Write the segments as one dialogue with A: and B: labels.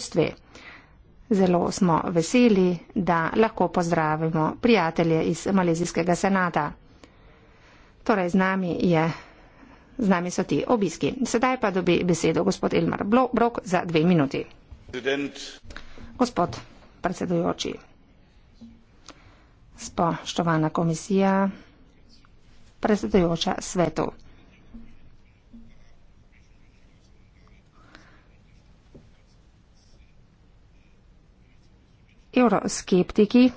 A: sve. Zelo smo veseli, da lahko pozdravimo prijatelje iz Malezijskega senata. Torej, z nami, je, z nami so ti obiski. Sedaj pa dobi besedo gospod Elmar Brok za dve minuti. President. Gospod predsedujoči, spoštovana komisija, predsedujoča svetu. evroskeptiki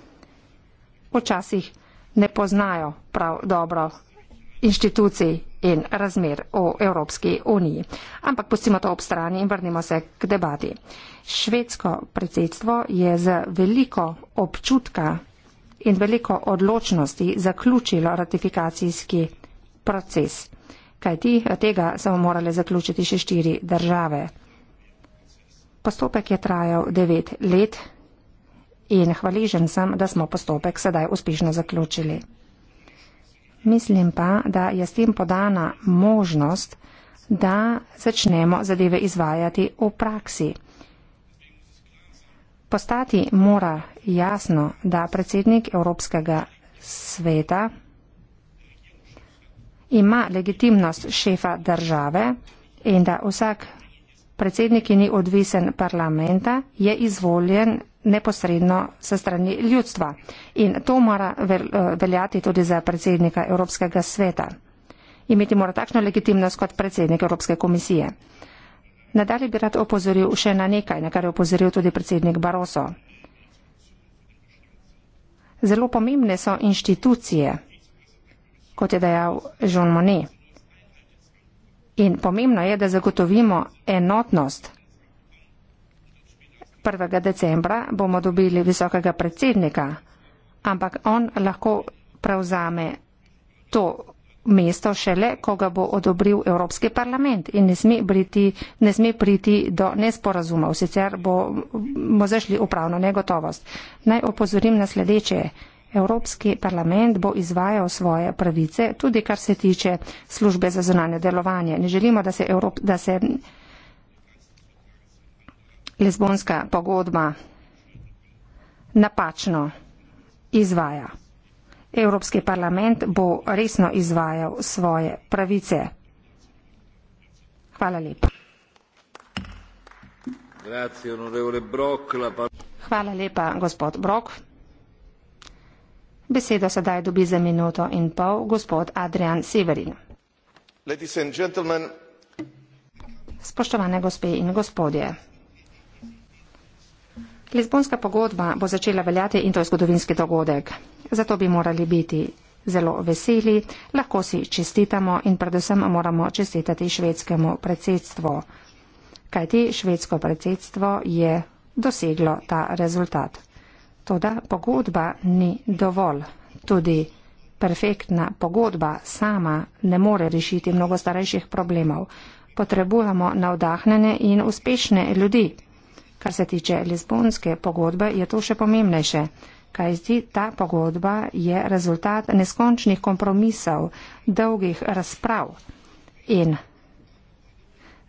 A: včasih ne poznajo prav dobro inštitucij in razmer v Evropski uniji. Ampak pustimo to ob strani in vrnimo se k debati. Švedsko predsedstvo je z veliko občutka in veliko odločnosti zaključilo ratifikacijski proces. Kajti tega so morali zaključiti še štiri države. Postopek je trajal devet let in hvaležen sem, da smo postopek sedaj uspešno zaključili. Mislim pa, da je s tem podana možnost, da začnemo zadeve izvajati v praksi. Postati mora jasno, da predsednik Evropskega sveta ima legitimnost šefa države in da vsak predsednik, ki ni odvisen parlamenta, je izvoljen neposredno se strani ljudstva. In to mora eh, veljati tudi za predsednika Evropskega sveta. Imeti mora takšno legitimnost kot predsednik Evropske komisije. Nadalje bi rad opozoril še na nekaj, na kar je opozoril tudi predsednik Baroso. Zelo pomembne so inštitucije, kot je dejal Jean Monnet. In pomembno je, da zagotovimo enotnost. 1. decembra bomo dobili visokega predsednika, ampak on lahko prevzame to mesto šele, ko ga bo odobril Evropski parlament in ne sme, briti, ne sme priti do nesporazumov, sicer bomo bo zašli upravno negotovost. Naj opozorim na sledeče. Evropski parlament bo izvajal svoje pravice, tudi kar se tiče službe za zunanje delovanje. Ne želimo, da se, Evrop, da se lesbonska pogodba napačno izvaja. Evropski parlament bo resno izvajal svoje pravice. Hvala lepa. Hvala lepa, gospod Brok. Besedo sedaj dobi za minuto in pol gospod Adrian Severin. Spoštovane gospe in gospodje. Lizbonska pogodba bo začela veljati in to je zgodovinski dogodek. Zato bi morali biti zelo veseli, lahko si čestitamo in predvsem moramo čestitati švedskemu predsedstvu. Kajti švedsko predsedstvo je doseglo ta rezultat. Toda pogodba ni dovolj. Tudi perfektna pogodba sama ne more rešiti mnogo starejših problemov. Potrebujemo navdahnjene in uspešne ljudi. Kar se tiče Lizbonske pogodbe, je to še pomembnejše. Kaj zdi ta pogodba je rezultat neskončnih kompromisov, dolgih razprav. In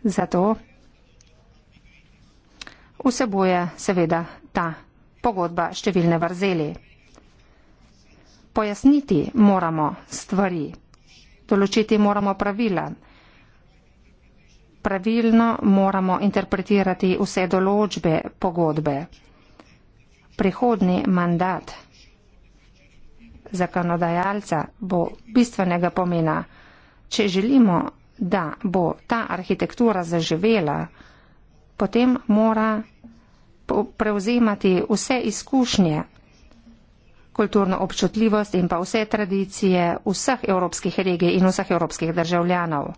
A: zato vseboje seveda ta pogodba številne vrzeli. Pojasniti moramo stvari, določiti moramo pravila, pravilno moramo interpretirati vse določbe pogodbe. Prihodni mandat zakonodajalca bo bistvenega pomena, če želimo, da bo ta arhitektura zaživela, potem mora prevzemati vse izkušnje, kulturno občutljivost in pa vse tradicije vseh evropskih regij in vseh evropskih državljanov.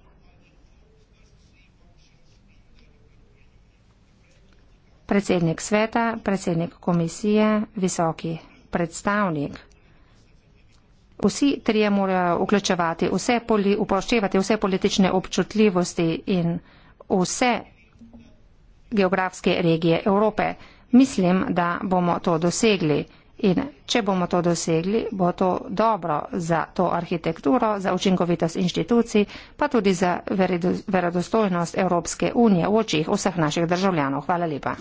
A: Predsednik sveta, predsednik komisije, visoki predstavnik. Vsi trije morajo vključevati vse, poli, upoštevati vse politične občutljivosti in vse geografske regije Evrope. Mislim, da bomo to dosegli in če bomo to dosegli, bo to dobro za to arhitekturo, za učinkovitost inštitucij, pa tudi za verodostojnost Evropske unije v očih vseh naših državljanov. Hvala lepa.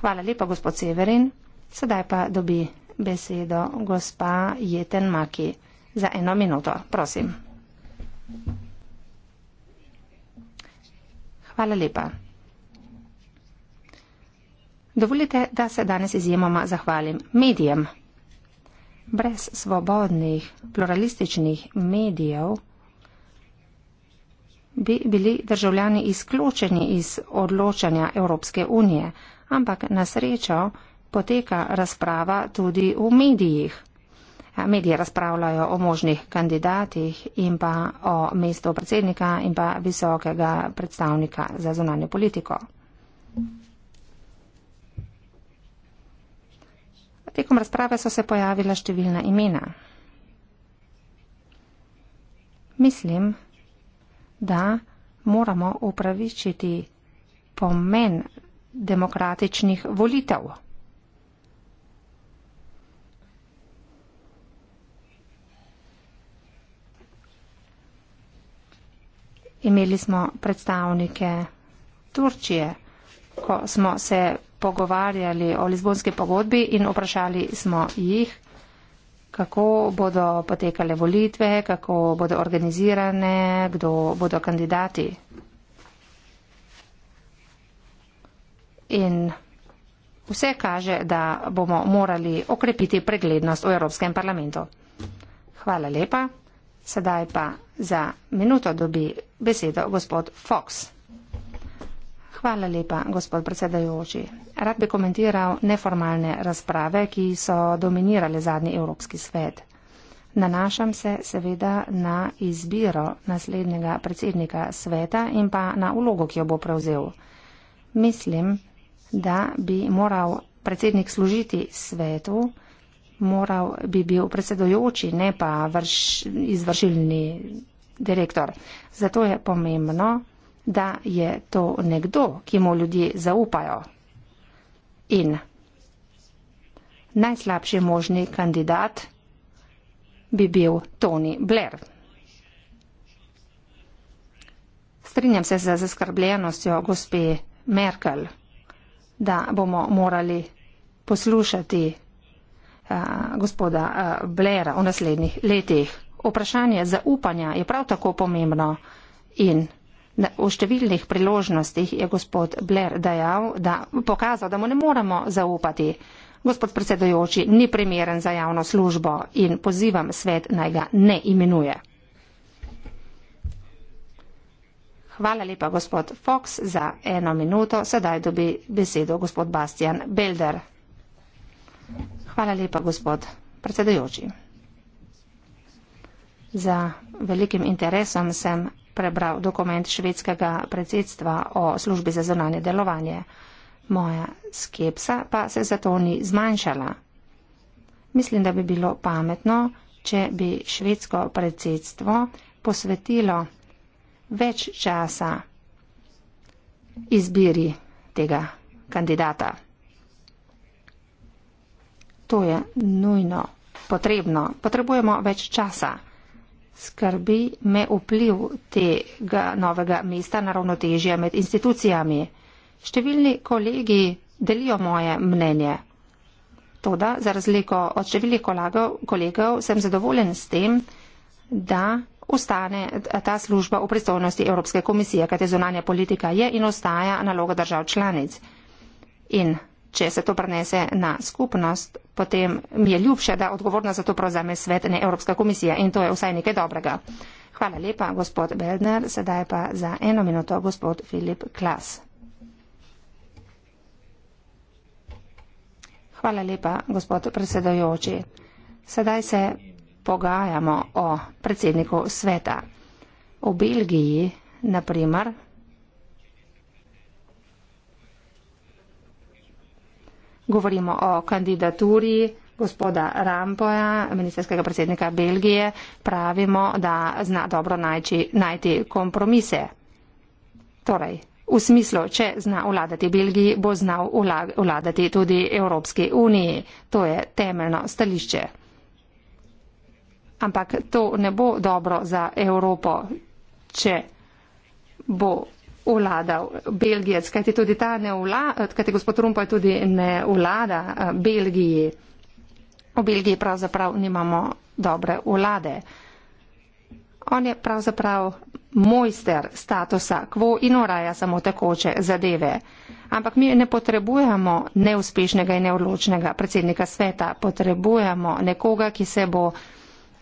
A: Hvala lepa, gospod Severin. Sedaj pa dobi besedo gospa Jeten Maki za eno minuto. Prosim. Thank you. Hvala lepa. Dovolite, da se danes izjemoma zahvalim medijem. Brez svobodnih, pluralističnih medijev bi bili državljani izključeni iz odločanja Evropske unije, ampak na srečo poteka razprava tudi v medijih mediji razpravljajo o možnih kandidatih in pa o mestu predsednika in pa visokega predstavnika za zunanje politiko. Tekom razprave so se pojavila številna imena. Mislim, da moramo upravičiti pomen demokratičnih volitev. Imeli smo predstavnike Turčije, ko smo se pogovarjali o Lizbonski pogodbi in vprašali smo jih, kako bodo potekale volitve, kako bodo organizirane, kdo bodo kandidati. In vse kaže, da bomo morali okrepiti preglednost v Evropskem parlamentu. Hvala lepa. Sedaj pa za minuto dobi besedo gospod Fox. Hvala lepa, gospod predsedajoči. Rad bi komentiral neformalne razprave, ki so dominirale zadnji Evropski svet. Nanašam se seveda na izbiro naslednjega predsednika sveta in pa na ulogo, ki jo bo prevzel. Mislim, da bi moral predsednik služiti svetu, moral bi bil predsedojoči, ne pa vrš, izvršilni direktor. Zato je pomembno, da je to nekdo, ki mu ljudje zaupajo. In najslabši možni kandidat bi bil Tony Blair. Strinjam se z zaskrbljenostjo gospe Merkel, da bomo morali poslušati Eh, gospoda eh, Blaira v naslednjih letih. Vprašanje zaupanja je prav tako pomembno in v številnih priložnostih je gospod Blair dejal, da pokazal, da mu ne moremo zaupati. Gospod predsedojoči ni primeren za javno službo in pozivam svet naj ga ne imenuje. Hvala lepa gospod Fox za eno minuto. Sedaj dobi besedo gospod Bastian Belder. Hvala lepa, gospod predsedujoči. Za velikim interesom sem prebral dokument švedskega predsedstva o službi za zunanje delovanje. Moja skepsa pa se zato ni zmanjšala. Mislim, da bi bilo pametno, če bi švedsko predsedstvo posvetilo več časa izbiri tega kandidata. To je nujno potrebno. Potrebujemo več časa. Skrbi me vpliv tega novega mesta na ravnotežje med institucijami. Številni kolegi delijo moje mnenje. Toda, za razliko od številnih kolegov, sem zadovoljen s tem, da ostane ta služba v pristojnosti Evropske komisije, kajte zunanja politika je in ostaja naloga držav članic. In če se to prenese na skupnost, potem mi je ljubše, da odgovorna za to prevzame svet, ne Evropska komisija in to je vsaj nekaj dobrega. Hvala lepa, gospod Beldner, sedaj pa za eno minuto gospod Filip Klas. Hvala lepa, gospod predsedojoči. Sedaj se pogajamo o predsedniku sveta. V Belgiji, na primer, Govorimo o kandidaturi gospoda Rampoja, ministerskega predsednika Belgije. Pravimo, da zna dobro najči, najti kompromise. Torej, v smislu, če zna vladati Belgiji, bo znal vladati tudi Evropski uniji. To je temeljno stališče. Ampak to ne bo dobro za Evropo, če bo vlada Belgije, kajti tudi ta ne vlada, kajti gospod Trump je tudi ne vlada eh, Belgiji. V Belgiji pravzaprav nimamo dobre vlade. On je pravzaprav mojster statusa quo in uraja samo tekoče zadeve. Ampak mi ne potrebujemo neuspešnega in neodločnega predsednika sveta, potrebujemo nekoga, ki se bo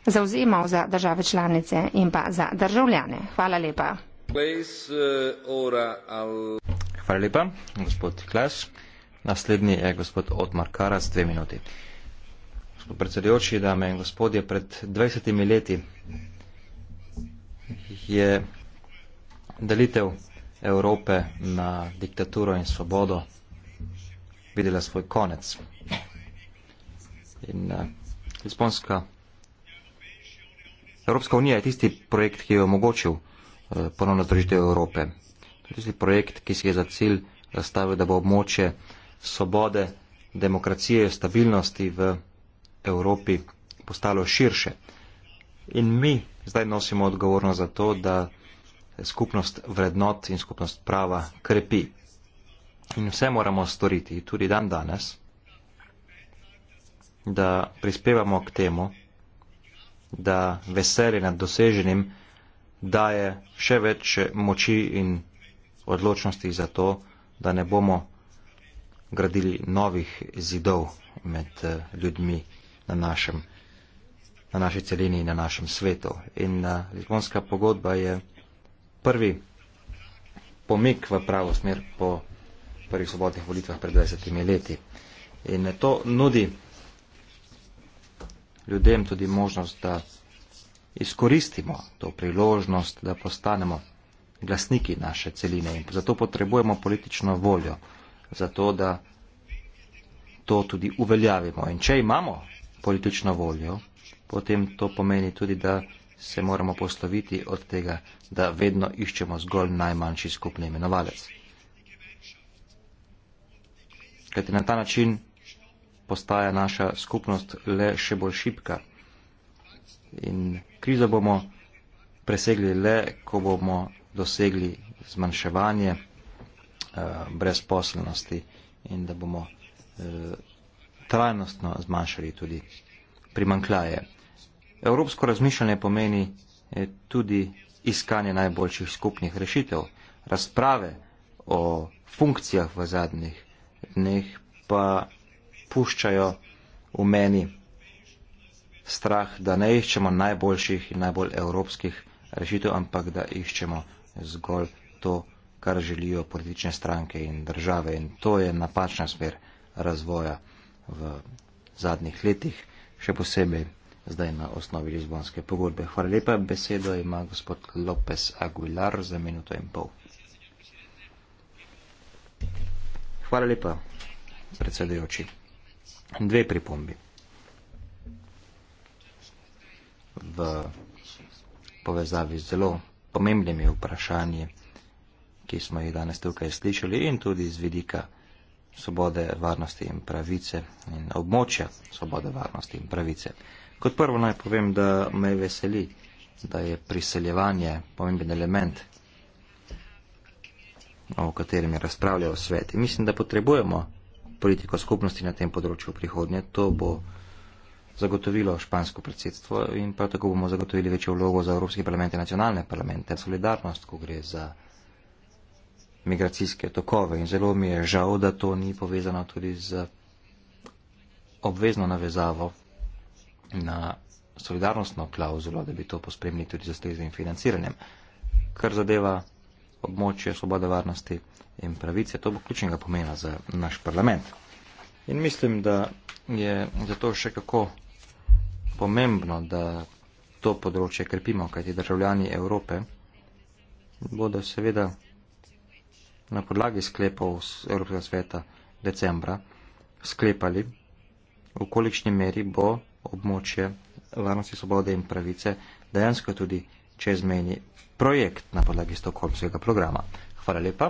A: zauzemal za države članice in pa za državljane. Hvala lepa.
B: Eh, Hvala lepa, gospod Klaš. Naslednji je gospod Otmar Karas, dve minuti. Gospod predsedujoči, dame in gospodje, pred 20 leti je delitev Evrope na diktaturo in svobodo videla svoj konec. In eh, Lisbonska, Evropska unija je tisti projekt, ki je omogočil Eh, ponovno združitev Evrope. To je tisti projekt, ki si je za cilj zastavil, da bo območje svobode, demokracije, stabilnosti v Evropi postalo širše. In mi zdaj nosimo odgovornost za to, da skupnost vrednot in skupnost prava krepi. In vse moramo storiti, tudi dan danes, da prispevamo k temu, da veselje nad doseženim daje še več moči in odločnosti za to, da ne bomo gradili novih zidov med eh, ljudmi na, našem, na naši celini in na našem svetu. In eh, Lizbonska pogodba je prvi pomik v pravo smer po prvih svobodnih volitvah pred 20 leti. In to nudi ljudem tudi možnost, da izkoristimo to priložnost, da postanemo glasniki naše celine in zato potrebujemo politično voljo, zato da to tudi uveljavimo. In če imamo politično voljo, potem to pomeni tudi, da se moramo posloviti od tega, da vedno iščemo zgolj najmanjši skupni imenovalec. Kajti na ta način postaja naša skupnost le še bolj šipka in krizo bomo presegli le, ko bomo dosegli zmanjševanje eh, brezposelnosti in da bomo eh, trajnostno zmanjšali tudi primankljaje. Evropsko razmišljanje pomeni eh, tudi iskanje najboljših skupnih rešitev. Razprave o funkcijah v zadnjih dneh pa puščajo v meni strah, da ne iščemo najboljših in najbolj evropskih rešitev, ampak da iščemo zgolj to, kar želijo politične stranke in države. In to je napačna smer razvoja v zadnjih letih, še posebej zdaj na osnovi Lizbonske pogodbe. Hvala lepa. Besedo ima gospod López Aguilar za minuto in pol. Hvala lepa, predsedujoči. Dve pripombi. v povezavi z zelo pomembnimi vprašanji, ki smo jih danes tukaj slišali in tudi z vidika svobode, varnosti in pravice in območja svobode, varnosti in pravice. Kot prvo naj povem, da me veseli, da je priseljevanje pomemben element, o katerem je razpravljal svet. In mislim, da potrebujemo politiko skupnosti na tem področju v prihodnje. To bo zagotovilo špansko predsedstvo in prav tako bomo zagotovili večjo vlogo za Evropski parlament in nacionalne parlamente. Solidarnost, ko gre za migracijske tokove in zelo mi je žal, da to ni povezano tudi z obvezno navezavo na solidarnostno klauzulo, da bi to pospremili tudi z ustreznim financiranjem, kar zadeva območje svobode varnosti in pravice. To bo ključnega pomena za naš parlament. In mislim, da je zato še kako pomembno, da to področje krepimo, kajti državljani Evrope bodo seveda na podlagi sklepov Evropskega sveta decembra sklepali, v kolikšni meri bo območje varnosti, svobode in pravice dejansko tudi čezmeni projekt na podlagi Stokholmskega programa. Hvala lepa.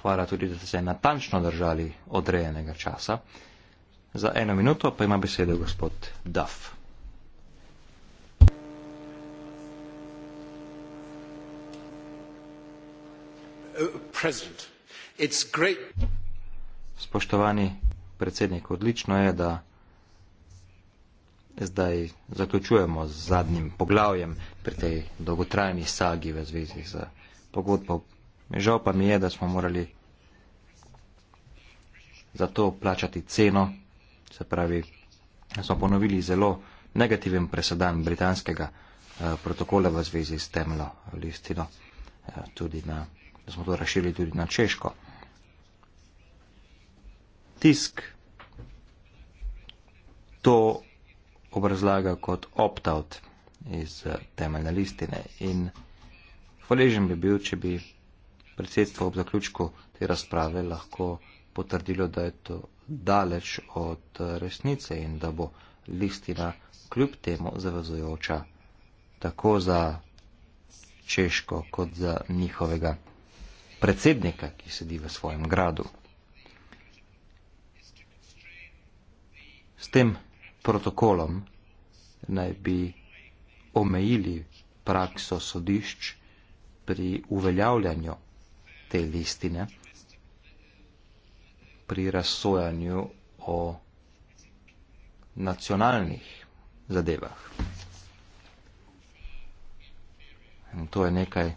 B: Hvala tudi, da ste se natančno držali odrejenega časa. Za eno minuto pa ima besedo gospod Duff. Uh, Spoštovani predsednik, odlično je, da zdaj zaključujemo z zadnjim poglavjem pri tej dolgotrajni sagi v zvezi z pogodbo. Žal pa mi je, da smo morali za to plačati ceno Se pravi, smo ponovili zelo negativen presedan britanskega eh, protokola v zvezi s temno listino, eh, na, da smo to razširili tudi na Češko. Tisk to obrazlaga kot opt-out iz eh, temeljne listine in hvaležen bi bil, če bi predsedstvo ob zaključku te razprave lahko potrdilo, da je to daleč od eh, resnice in da bo listina kljub temu zavezujoča tako za Češko kot za njihovega predsednika, ki sedi v svojem gradu. S tem protokolom naj bi omejili prakso sodišč pri uveljavljanju te listine pri razsojanju o nacionalnih zadevah. In to je nekaj,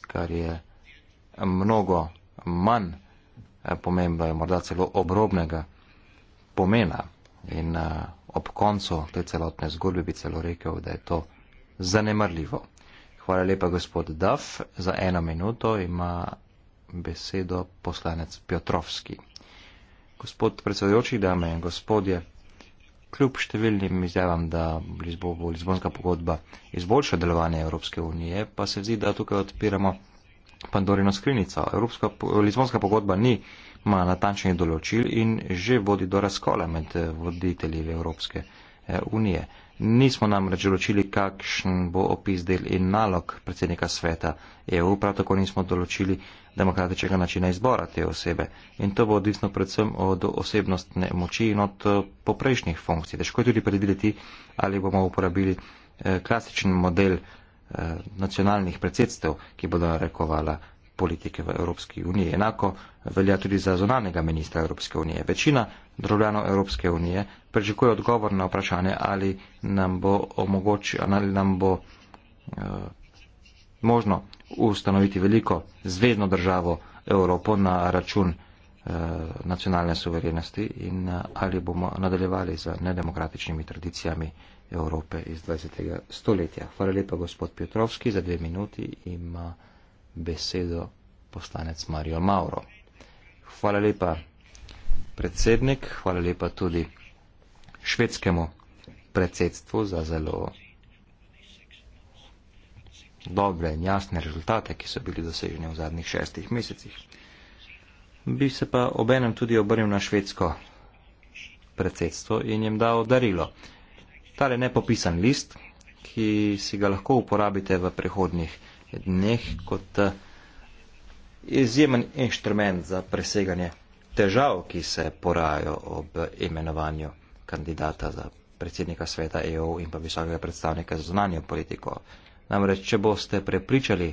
B: kar je mnogo manj eh, pomembno in morda celo obrobnega pomena. In eh, ob koncu te celotne zgodbe bi celo rekel, da je to zanemarljivo. Hvala lepa, gospod Duff. Za eno minuto ima besedo poslanec Piotrovski. Gospod predsedujoči, dame in gospodje, kljub številnim izjavam, da bo Lizbonska pogodba izboljša delovanje Evropske unije, pa se zdi, da tukaj odpiramo Pandorino skrinico. Evropska, Lizbonska pogodba ni, ima natančnih določil in že vodi do razkola med voditelji Evropske eh, unije. Nismo namreč določili, kakšen bo opis del in nalog predsednika sveta EU, prav tako nismo določili demokratičnega načina izbora te osebe. In to bo odvisno predvsem od osebnostne moči in od eh, poprejšnjih funkcij. Težko je tudi predvideti, ali bomo uporabili eh, klasičen model eh, nacionalnih predsedstev, ki bodo rekovala politike v Evropski uniji. Enako velja tudi za zonanega ministra Evropske unije. Večina državljanov Evropske unije pričakuje odgovor na vprašanje, ali nam bo omogočilo, ali nam bo eh, možno ustanoviti veliko zvezdno državo Evropo na račun eh, nacionalne suverenosti in eh, ali bomo nadaljevali z nedemokratičnimi tradicijami Evrope iz 20. stoletja. Hvala lepa, gospod Petrovski, za dve minuti ima. In besedo poslanec Mario Mauro. Hvala lepa predsednik, hvala lepa tudi švedskemu predsedstvu za zelo dobre in jasne rezultate, ki so bili doseženi v zadnjih šestih mesecih. Bi se pa obenem tudi obrnil na švedsko predsedstvo in jim dal darilo. Tale nepopisan list, ki si ga lahko uporabite v prihodnjih dneh kot eh, izjemen inštrument za preseganje težav, ki se porajajo ob imenovanju kandidata za predsednika sveta EU in pa visokega predstavnika za zunanjo politiko. Namreč, če boste prepričali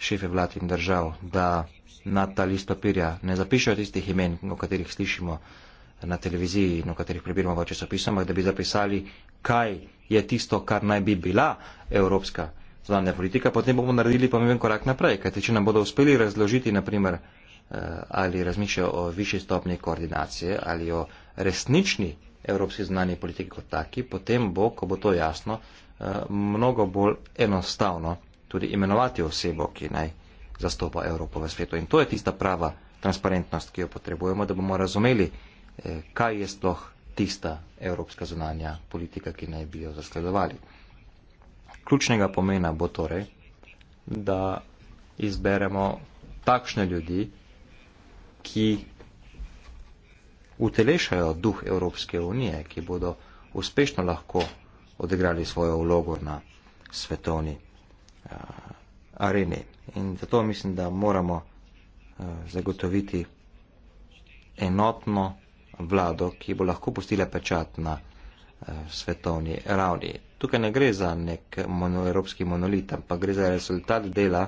B: šefe vlad in držav, da na ta list papirja ne zapišajo tistih imen, o katerih slišimo na televiziji in o katerih prebiramo v časopisama, da bi zapisali, kaj je tisto, kar naj bi bila evropska zvanja politika, potem bomo naredili pomemben korak naprej. Kajte, če nam bodo uspeli razložiti, naprimer, eh, ali razmišljajo o višji stopni koordinacije ali o resnični evropski znanje politike kot taki, potem bo, ko bo to jasno, eh, mnogo bolj enostavno tudi imenovati osebo, ki naj zastopa Evropo v svetu. In to je tista prava transparentnost, ki jo potrebujemo, da bomo razumeli, eh, kaj je sploh tista evropska zunanja politika, ki naj bi jo zasledovali ključnega pomena bo torej, da izberemo takšne ljudi, ki utelešajo duh Evropske unije, ki bodo uspešno lahko odigrali svojo vlogo na svetovni uh, areni. In zato mislim, da moramo uh, zagotoviti enotno vlado, ki bo lahko postila pečat na uh, svetovni ravni tukaj ne gre za nek mono, evropski monolit, ampak gre za rezultat dela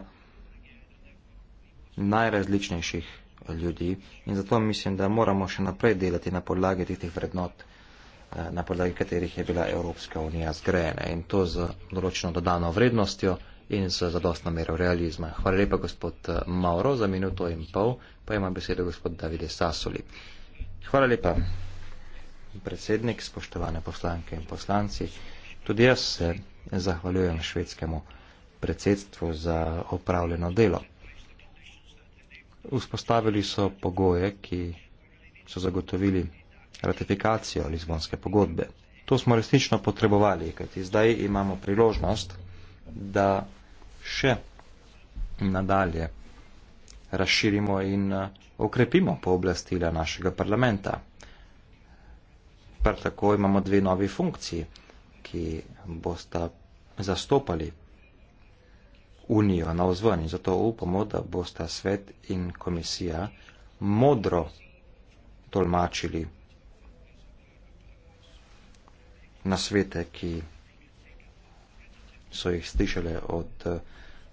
B: najrazličnejših ljudi in zato mislim, da moramo še naprej delati na podlagi tih vrednot, eh, na podlagi katerih je bila Evropska unija zgrajena in to z določeno dodano vrednostjo in z zadostno mero realizma. Hvala lepa gospod eh, Mauro za minuto in pol, pa ima besedo gospod Davide Sasoli. Hvala lepa predsednik, spoštovane poslanke in poslanci. Tudi jaz se zahvaljujem švedskemu predsedstvu za opravljeno delo. Vzpostavili so pogoje, ki so zagotovili ratifikacijo Lizbonske pogodbe. To smo resnično potrebovali, kajti zdaj imamo priložnost, da še nadalje razširimo in eh, okrepimo pooblastila našega parlamenta. Prav tako imamo dve novi funkciji ki boste zastopali unijo na vzven. Zato upamo, da boste svet in komisija modro tolmačili na svete, ki so jih slišali od eh,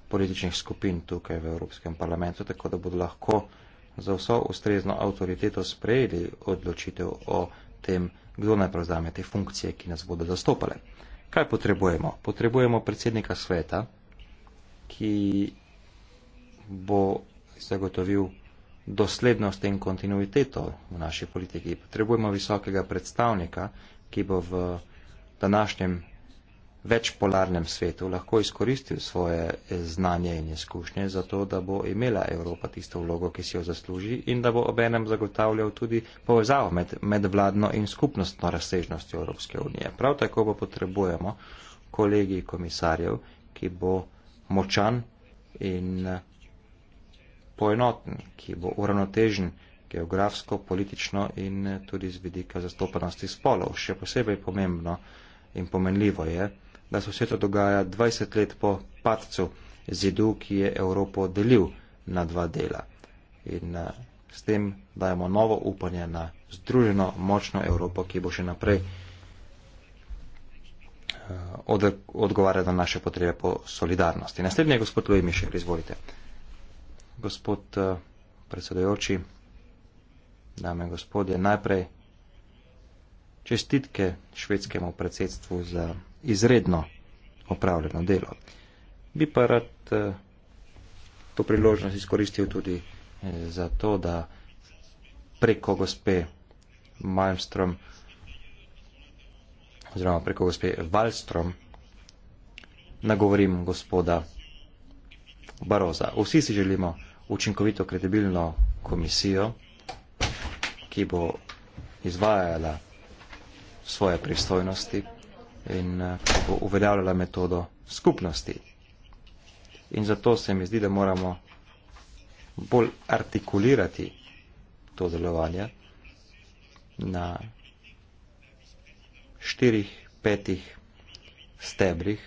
B: političnih skupin tukaj v Evropskem parlamentu, tako da bodo lahko za vso ustrezno avtoriteto sprejeli odločitev o tem, kdo naj prevzame te funkcije, ki nas bodo zastopale. Kaj potrebujemo? Potrebujemo predsednika sveta, ki bo zagotovil doslednost in kontinuiteto v naši politiki. Potrebujemo visokega predstavnika, ki bo v današnjem večpolarnem svetu lahko izkoristil svoje eh, znanje in izkušnje za to, da bo imela Evropa tisto vlogo, ki si jo zasluži in da bo obenem zagotavljal tudi povezavo med, med vladno in skupnostno razsežnostjo Evropske unije. Prav tako bo potrebujemo kolegi komisarjev, ki bo močan in eh, poenoten, ki bo uravnotežen geografsko, politično in eh, tudi z vidika zastopanosti spolov. Še posebej pomembno in pomenljivo je, da se vse to dogaja 20 let po padcu zidu, ki je Evropo delil na dva dela. In eh, s tem dajemo novo upanje na združeno močno Evropo, ki bo še naprej eh, odgovarjala na naše potrebe po solidarnosti. Naslednji je gospod Lujmišek, izvolite. Gospod eh, predsedojoči, dame in gospodje, najprej čestitke švedskemu predsedstvu za izredno opravljeno delo. Bi pa rad eh, to priložnost izkoristil tudi eh, za to, da preko gospe Malmstrom oziroma preko gospe Valstrom nagovorim gospoda Baroza. Vsi si želimo učinkovito kredibilno komisijo, ki bo izvajala svoje pristojnosti in eh, ko bo uveljavljala metodo skupnosti. In zato se mi zdi, da moramo bolj artikulirati to delovanje na štirih, petih stebrih,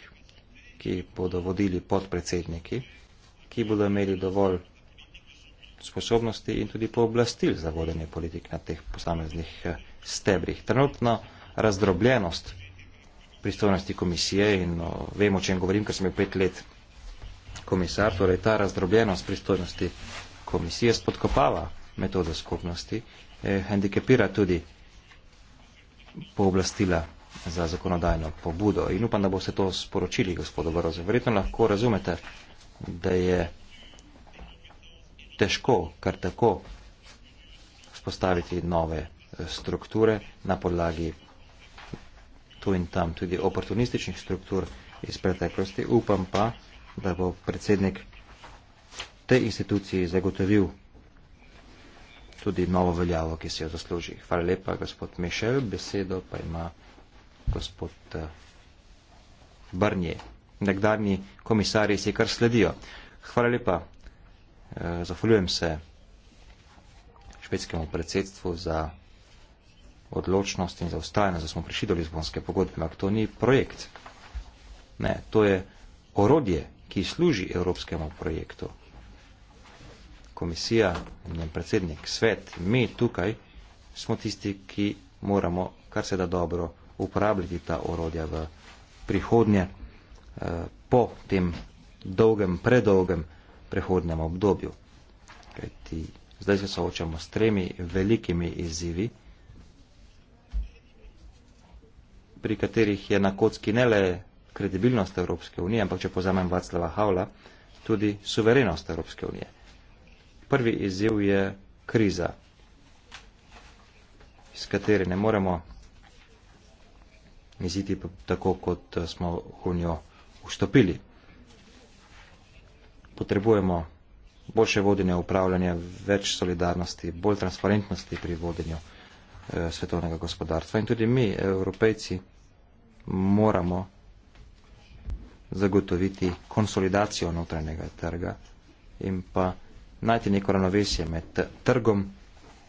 B: ki bodo vodili podpredsedniki, ki bodo imeli dovolj sposobnosti in tudi pooblastil za vodenje politik na teh posameznih eh, stebrih. Trenutno razdrobljenost pristojnosti komisije in o, vem, o čem govorim, ker sem je pet let komisar, torej ta razdrobljenost pristojnosti komisije spodkopava metodo skupnosti, eh, hendikepira tudi pooblastila za zakonodajno pobudo in upam, da boste to sporočili gospodu Barozu. Verjetno lahko razumete, da je težko kar tako spostaviti nove eh, strukture na podlagi tu in tam tudi oportunističnih struktur iz preteklosti. Upam pa, da bo predsednik te instituciji zagotovil tudi novo veljavo, ki se jo zasluži. Hvala lepa, gospod Mišel. Besedo pa ima gospod eh, Barnje. Nekdarni komisari si kar sledijo. Hvala lepa. Eh, zahvaljujem se švedskemu predsedstvu za odločnost in za ustrajnost, da smo prišli do Lizbonske pogodbe, ampak to ni projekt. Ne, to je orodje, ki služi evropskemu projektu. Komisija, njen predsednik, svet, mi tukaj smo tisti, ki moramo kar se da dobro uporabljati ta orodja v prihodnje eh, po tem dolgem, predolgem prehodnem obdobju. Kajti zdaj se soočamo s tremi velikimi izzivi. pri katerih je na kocki ne le kredibilnost Evropske unije, ampak če pozamem Vaclava Havla, tudi suverenost Evropske unije. Prvi izziv je kriza, iz katere ne moremo iziti tako, kot eh, smo v njo vstopili. Potrebujemo boljše vodenje upravljanja, več solidarnosti, bolj transparentnosti pri vodenju. Eh, svetovnega gospodarstva in tudi mi, evropejci, moramo zagotoviti konsolidacijo notranjega trga in pa najti neko ravnovesje med trgom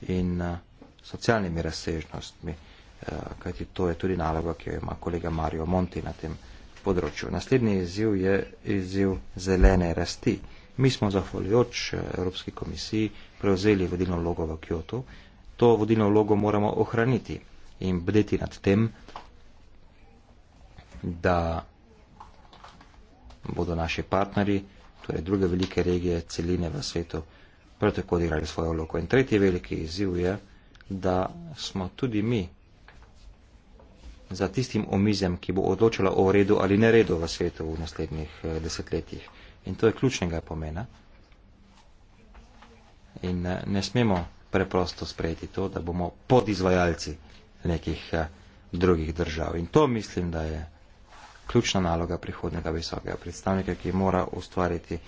B: in eh, socialnimi razsežnostmi, eh, kajti to je tudi naloga, ki jo ima kolega Mario Monti na tem področju. Naslednji izziv je izziv zelene rasti. Mi smo zahvaljujoč Evropski komisiji prevzeli vodilno vlogo v Kyoto, to vodilno vlogo moramo ohraniti in bdeti nad tem, da bodo naši partnerji, torej druge velike regije, celine v svetu, prav tako odigrali svojo vlogo. In tretji veliki izziv je, da smo tudi mi za tistim omizjem, ki bo odločila o redu ali neredu v svetu v naslednjih eh, desetletjih. In to je ključnega pomena. In eh, ne smemo preprosto sprejeti to, da bomo podizvajalci nekih eh, drugih držav. In to mislim, da je ključna naloga prihodnega visokega predstavnika, ki mora ustvariti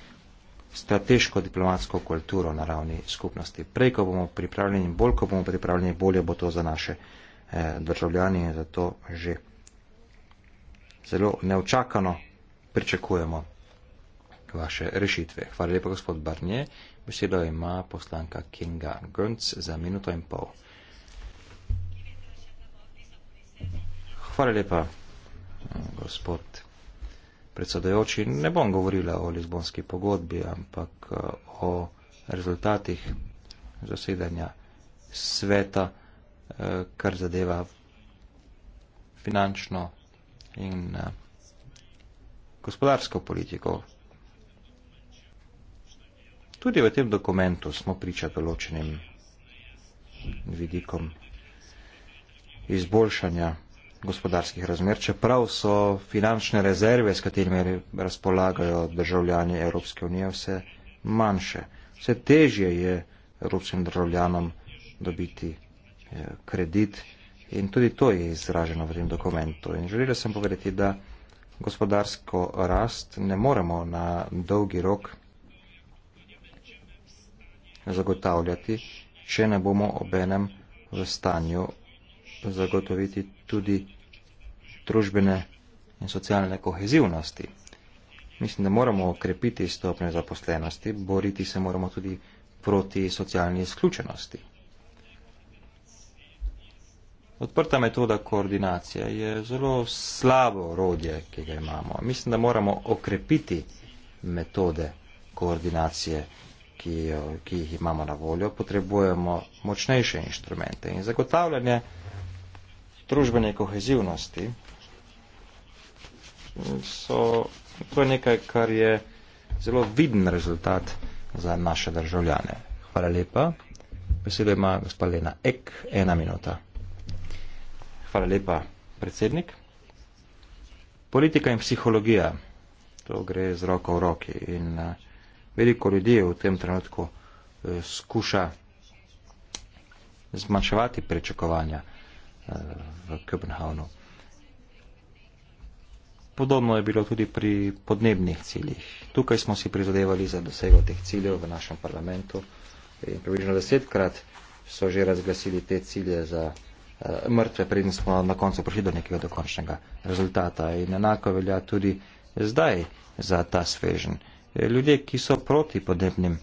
B: strateško diplomatsko kulturo na ravni skupnosti. Prej, ko bomo pripravljeni, bolj, ko bomo pripravljeni, bolje bo to za naše eh, državljani in zato že zelo neočakano pričakujemo vaše rešitve. Hvala lepa, gospod Barnier. Besedo ima poslanka Kinga Gunc za minuto in pol. Hvala lepa, gospod predsedojoči. Ne bom govorila o Lizbonski pogodbi, ampak o rezultatih zasedanja sveta, kar zadeva finančno in gospodarsko politiko Tudi v tem dokumentu smo priča določenim vidikom izboljšanja gospodarskih razmer, čeprav so finančne rezerve, s katerimi razpolagajo državljani Evropske unije, vse manjše. Vse težje je evropskim državljanom dobiti eh, kredit in tudi to je izraženo v tem dokumentu. In želela sem povedati, da gospodarsko rast ne moremo na dolgi rok zagotavljati, če ne bomo obenem v stanju zagotoviti tudi družbene in socialne kohezivnosti. Mislim, da moramo okrepiti stopne zaposlenosti, boriti se moramo tudi proti socialni izključenosti. Odprta metoda koordinacije je zelo slabo rodje, ki ga imamo. Mislim, da moramo okrepiti metode koordinacije ki, jo, ki jih imamo na voljo, potrebujemo močnejše inštrumente. In zagotavljanje družbene kohezivnosti so, to je nekaj, kar je zelo viden rezultat za naše državljane. Hvala lepa. Besedo ima gospa Lena Ek, ena minuta. Hvala lepa, predsednik. Politika in psihologija, to gre z roko v roki in uh, veliko ljudi v tem trenutku eh, skuša zmanjševati prečakovanja eh, v Kopenhavnu. Podobno je bilo tudi pri podnebnih ciljih. Tukaj smo si prizadevali za dosego teh ciljev v našem parlamentu in približno desetkrat so že razglasili te cilje za eh, mrtve, preden smo na koncu prišli do nekega dokončnega rezultata. In enako velja tudi zdaj za ta svežen. Eh, ljudje, ki so proti podnebnim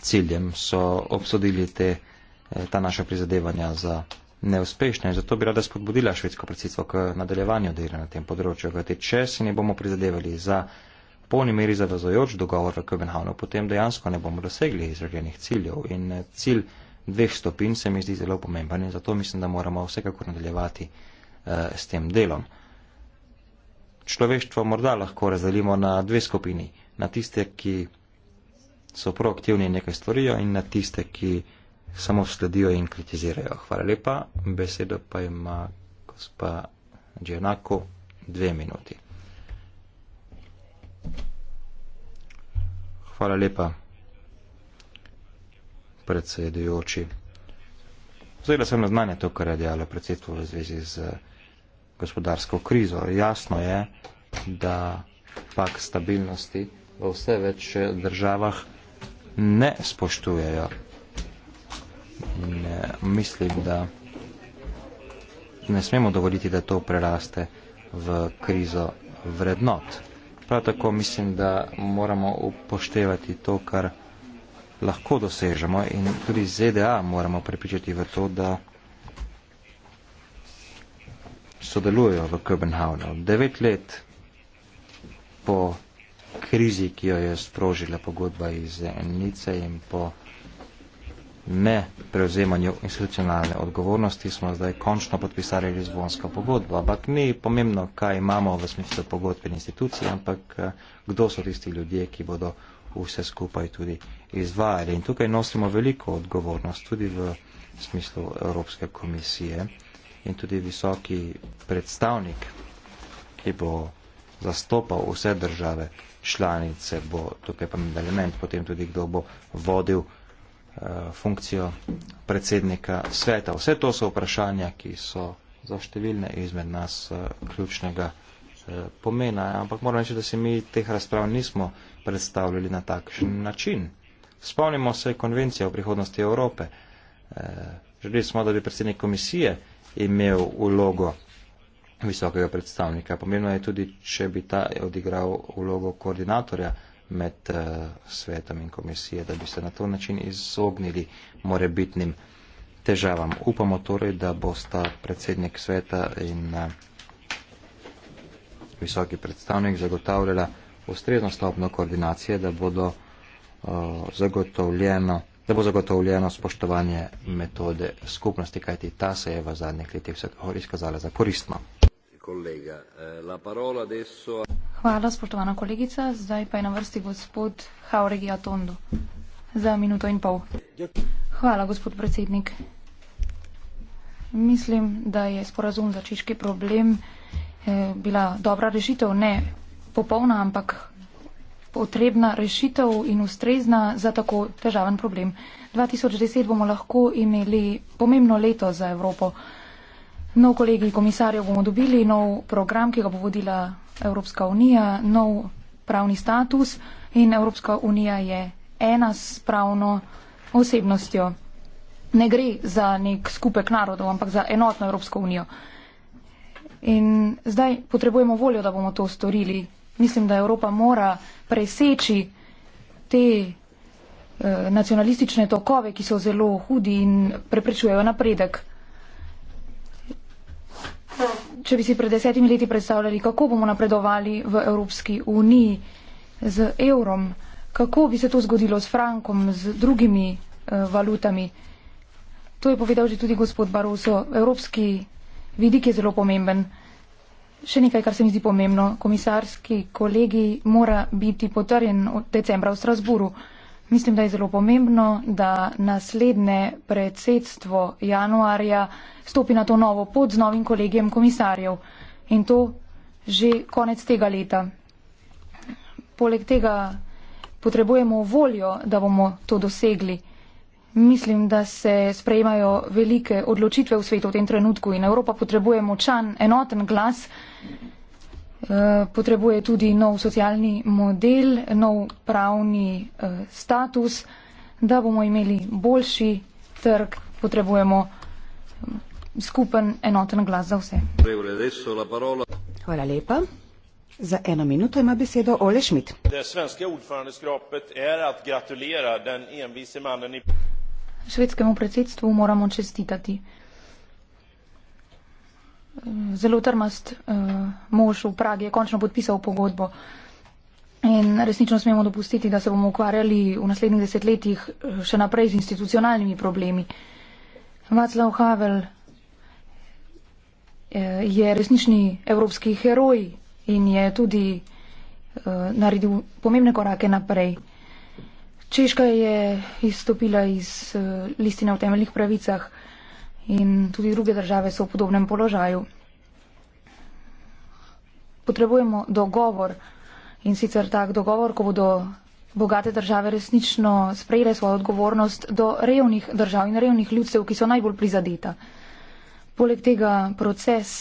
B: ciljem, so obsodili te, eh, ta naša prizadevanja za neuspešne. Zato bi rada spodbudila švedsko predsedstvo k nadaljevanju dela na tem področju. Kajti, če se ne bomo prizadevali za polni meri zavezojoč dogovor v Kopenhavnu, potem dejansko ne bomo dosegli izraženih ciljev. In eh, cilj dveh stopinj se mi zdi zelo pomemben in zato mislim, da moramo vsekakor nadaljevati uh, s tem delom človeštvo morda lahko razdelimo na dve skupini. Na tiste, ki so proaktivni in nekaj stvorijo in na tiste, ki samo sledijo in kritizirajo. Hvala lepa. Besedo pa ima gospa Džernako dve minuti. Hvala lepa, predsedujoči. Zdaj, da sem naznanja to, kar je dejalo predsedstvo v zvezi z gospodarsko krizo. Jasno je, da pak stabilnosti v vse več državah ne spoštujejo. Ne, mislim, da ne smemo dovoliti, da to preraste v krizo vrednot. Prav tako mislim, da moramo upoštevati to, kar lahko dosežemo in tudi ZDA moramo prepričati v to, da sodelujejo v Kopenhavnu. Devet let po krizi, ki jo je sprožila pogodba iz Enice in po ne prevzemanju institucionalne odgovornosti, smo zdaj končno podpisali Lizbonsko pogodbo. Ampak ni pomembno, kaj imamo v smislu pogodbe in institucije, ampak eh, kdo so tisti ljudje, ki bodo vse skupaj tudi izvajali. In tukaj nosimo veliko odgovornost tudi v smislu Evropske komisije in tudi visoki predstavnik, ki bo zastopal vse države članice, bo tukaj pa med element, potem tudi kdo bo vodil eh, funkcijo predsednika sveta. Vse to so vprašanja, ki so za številne izmed nas eh, ključnega eh, pomena, ampak moram reči, da se mi teh razprav nismo predstavljali na takšen način. Spomnimo se konvencije o prihodnosti Evrope. Eh, želeli smo, da bi predsednik komisije eh, imel vlogo visokega predstavnika. Pomembno je tudi, če bi ta odigral vlogo koordinatorja med eh, svetom in komisije, da bi se na to način izognili morebitnim težavam. Upamo torej, da bosta predsednik sveta in eh, visoki predstavnik zagotavljala ustrezno stopno koordinacije, da bodo eh, zagotovljeno da bo zagotovljeno spoštovanje metode skupnosti, kajti ta se je v zadnjih letih vsekakor izkazala za koristno. Eh,
C: Hvala, spoštovana kolegica. Zdaj pa je na vrsti gospod Hauregi Atondo za minuto in pol. Hvala, gospod predsednik. Mislim, da je sporazum za češki problem eh, bila dobra rešitev, ne popolna, ampak potrebna rešitev in ustrezna za tako težaven problem. 2010 bomo lahko imeli pomembno leto za Evropo. Nov kolegi komisarjev bomo dobili, nov program, ki ga bo vodila Evropska unija, nov pravni status in Evropska unija je ena s pravno osebnostjo. Ne gre za nek skupek narodov, ampak za enotno Evropsko unijo. In zdaj potrebujemo voljo, da bomo to storili mislim, da Evropa mora preseči te eh, nacionalistične tokove, ki so zelo hudi in preprečujejo napredek. Če bi si pred desetimi leti predstavljali, kako bomo napredovali v Evropski uniji z evrom, kako bi se to zgodilo s frankom, z drugimi eh, valutami. To je povedal že tudi gospod Baroso. Evropski vidik je zelo pomemben. Še nekaj, kar se mi zdi pomembno. Komisarski kolegi mora biti potrjen od decembra v Strasburu. Mislim, da je zelo pomembno, da naslednje predsedstvo januarja stopi na to novo pot z novim kolegijem komisarjev. In to že konec tega leta. Poleg tega potrebujemo voljo, da bomo to dosegli. Mislim, da se sprejemajo velike odločitve v svetu v tem trenutku in Evropa potrebuje močan, enoten glas, eh, potrebuje tudi nov socialni model, nov pravni eh, status, da bomo imeli boljši trg, potrebujemo eh, skupen, enoten glas za vse. Hvala lepa. Za eno minuto ima besedo Ole Schmidt švedskemu predsedstvu moramo čestitati. Zelo trmast eh, mož v Pragi je končno podpisal pogodbo. In resnično smemo dopustiti, da se bomo ukvarjali v naslednjih desetletjih eh, še naprej z institucionalnimi problemi. Václav Havel eh, je resnični evropski heroj in je tudi naredil pomembne korake naprej. Češka je izstopila iz eh, listine o temeljnih pravicah in tudi druge države so v podobnem položaju. Potrebujemo dogovor in sicer tak dogovor, ko bodo bogate države resnično sprejele svojo odgovornost do revnih držav in revnih ljudstev, ki so najbolj prizadeta. Poleg tega proces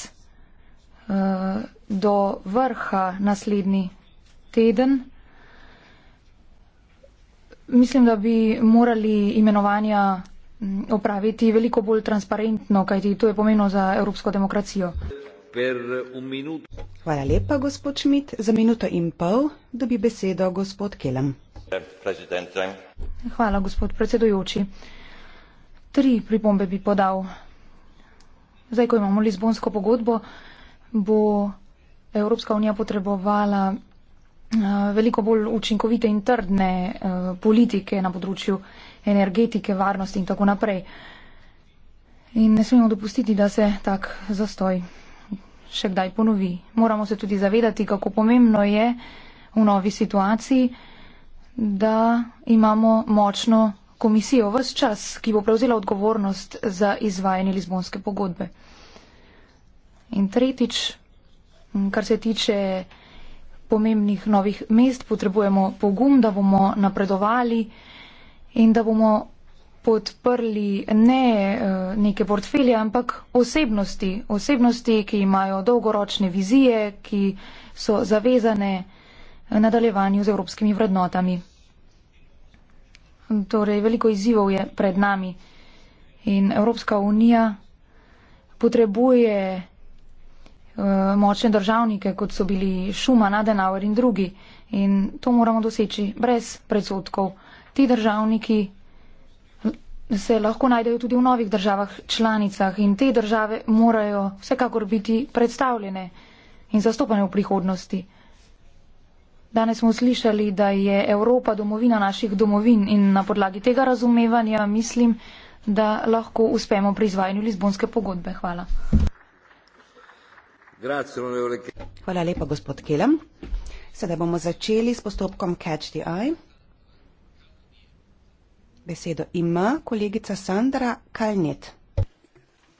C: uh, do vrha naslednji teden Mislim, da bi morali imenovanja opraviti veliko bolj transparentno, kajti to je pomeno za evropsko demokracijo.
D: Hvala lepa, gospod Šmit. Za minuto in pol dobi besedo gospod Kelem.
C: Hvala, gospod predsedujoči. Tri pripombe bi podal. Zdaj, ko imamo Lizbonsko pogodbo, bo Evropska unija potrebovala Eh, veliko bolj učinkovite in trdne eh, politike na področju energetike, varnosti in tako naprej. In ne smemo dopustiti, da se tak zastoj še kdaj ponovi. Moramo se tudi zavedati, kako pomembno je v novi situaciji, da imamo močno komisijo v vse čas, ki bo prevzela odgovornost za izvajanje Lizbonske pogodbe. In tretjič, kar se tiče pomembnih novih mest, potrebujemo pogum, da bomo napredovali in da bomo podprli ne eh, neke portfelje, ampak osebnosti, osebnosti, ki imajo dolgoročne vizije, ki so zavezane nadaljevanju z evropskimi vrednotami. Torej, veliko izzivov je pred nami in Evropska unija potrebuje Eh, močne državnike, kot so bili Šuma, Nadenauer in drugi. In to moramo doseči brez predsotkov. Ti državniki se lahko najdejo tudi v novih državah članicah in te države morajo vsekakor biti predstavljene in zastopane v prihodnosti. Danes smo slišali, da je Evropa domovina naših domovin in na podlagi tega razumevanja mislim, da lahko uspemo pri izvajanju Lizbonske pogodbe. Hvala.
B: Hvala
D: lepa, gospod Kelem. Sedaj bomo začeli s postopkom Catch the Eye. Besedo ima kolegica Sandra Kalnet.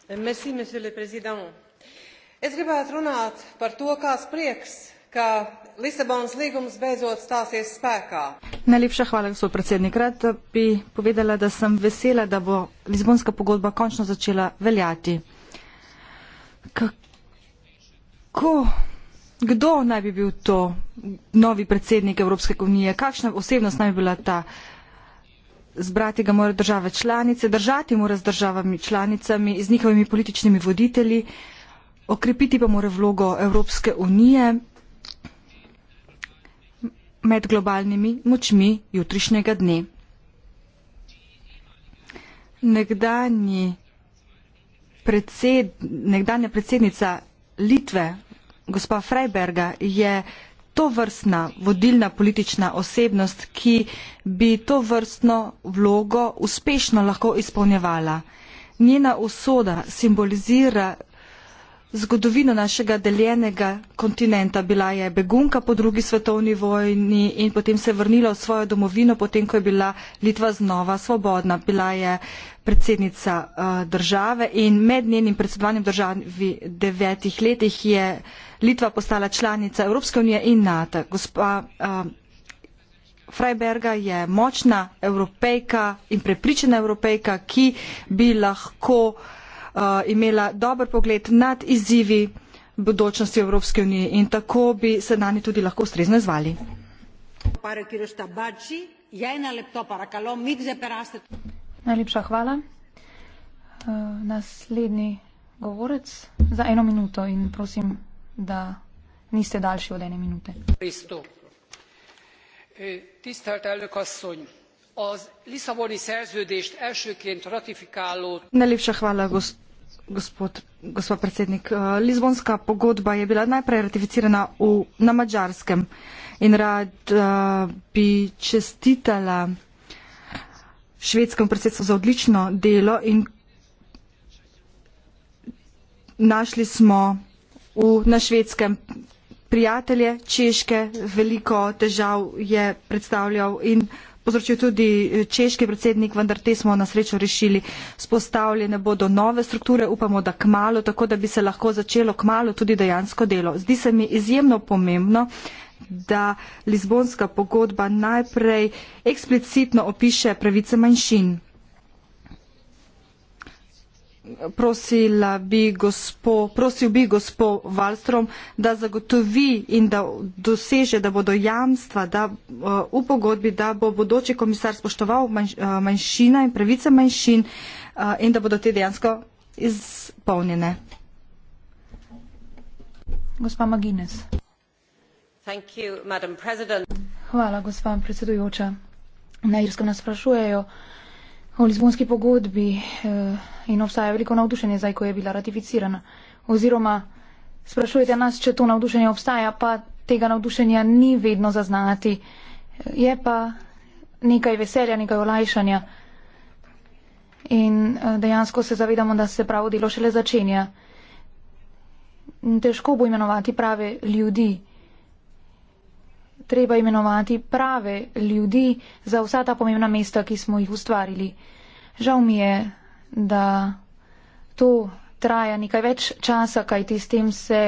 D: Eh, merci, monsieur le président. Es gribētu runāt par to, kāds prieks, ka Lisabons līgums beidzot stāsies spēkā.
E: Najlepša hvala, gospod predsednik. Rad bi povedala, da sem vesela, da bo Lisbonska pogodba končno začela veljati. Kak Kako? Kdo naj bi bil to novi predsednik Evropske unije? Kakšna osebnost naj bi bila ta? Zbrati ga mora države članice, držati mora z državami članicami, z njihovimi političnimi voditelji, okrepiti pa mora vlogo Evropske unije med globalnimi močmi jutrišnjega dne. Nekdanji predsed, nekdanja predsednica Litve, gospa Freiberga, je to vrstna vodilna politična osebnost, ki bi to vrstno vlogo uspešno lahko izpolnjevala. Njena usoda simbolizira zgodovino našega deljenega kontinenta. Bila je begunka po drugi svetovni vojni in potem se vrnila v svojo domovino, potem ko je bila Litva znova svobodna. Bila je predsednica uh, države in med njenim predsedovanjem državi devetih letih je Litva postala članica Evropske unije in NATO. Gospa uh, Freiberga je močna evropejka in prepričana evropejka, ki bi lahko uh, Eh, imela dober pogled nad izzivi bodočnosti Evropske unije in tako bi se na nje tudi lahko ustrezno izvali. Najlepša
C: hvala. Eh, naslednji govorec za eno minuto in prosim, da niste daljši od ene minute
E: najlepša hvala gospa predsednik eh, lizbonska pogodba je bila najprej ratificirana v, na mačarskem in rad uh, bi čestitala švedskemu predsedstvu za odlično delo in našli smo v, na švedskem prijatelje češke veliko težav je predstavljal in povzročil tudi eh, češki predsednik, vendar te smo na srečo rešili. Spostavljene bodo nove strukture, upamo, da kmalo, tako da bi se lahko začelo kmalo tudi dejansko delo. Zdi se mi izjemno pomembno, da Lizbonska pogodba najprej eksplicitno opiše pravice manjšin prosila bi gospo, prosil bi gospo Valstrom, da zagotovi in da doseže, da bodo jamstva da, uh, v pogodbi, da bo bodoči komisar spoštoval uh, manjšina in pravice manjšin uh, in da bodo te dejansko izpolnjene. Gospa
C: Magines. Thank you, Hvala, gospa predsedujoča. Na Irskem nas sprašujejo, O Lizbonski pogodbi eh, in obstaja veliko navdušenje zdaj, ko je bila ratificirana. Oziroma, sprašujete nas, če to navdušenje obstaja, pa tega navdušenja ni vedno zaznati. Je pa nekaj veselja, nekaj olajšanja. In eh, dejansko se zavedamo, da se pravo delo šele začenja. Težko bo imenovati prave ljudi treba imenovati prave ljudi za vsa ta pomembna mesta, ki smo jih ustvarili. Žal mi je, da to traja nekaj več časa, kajti s tem se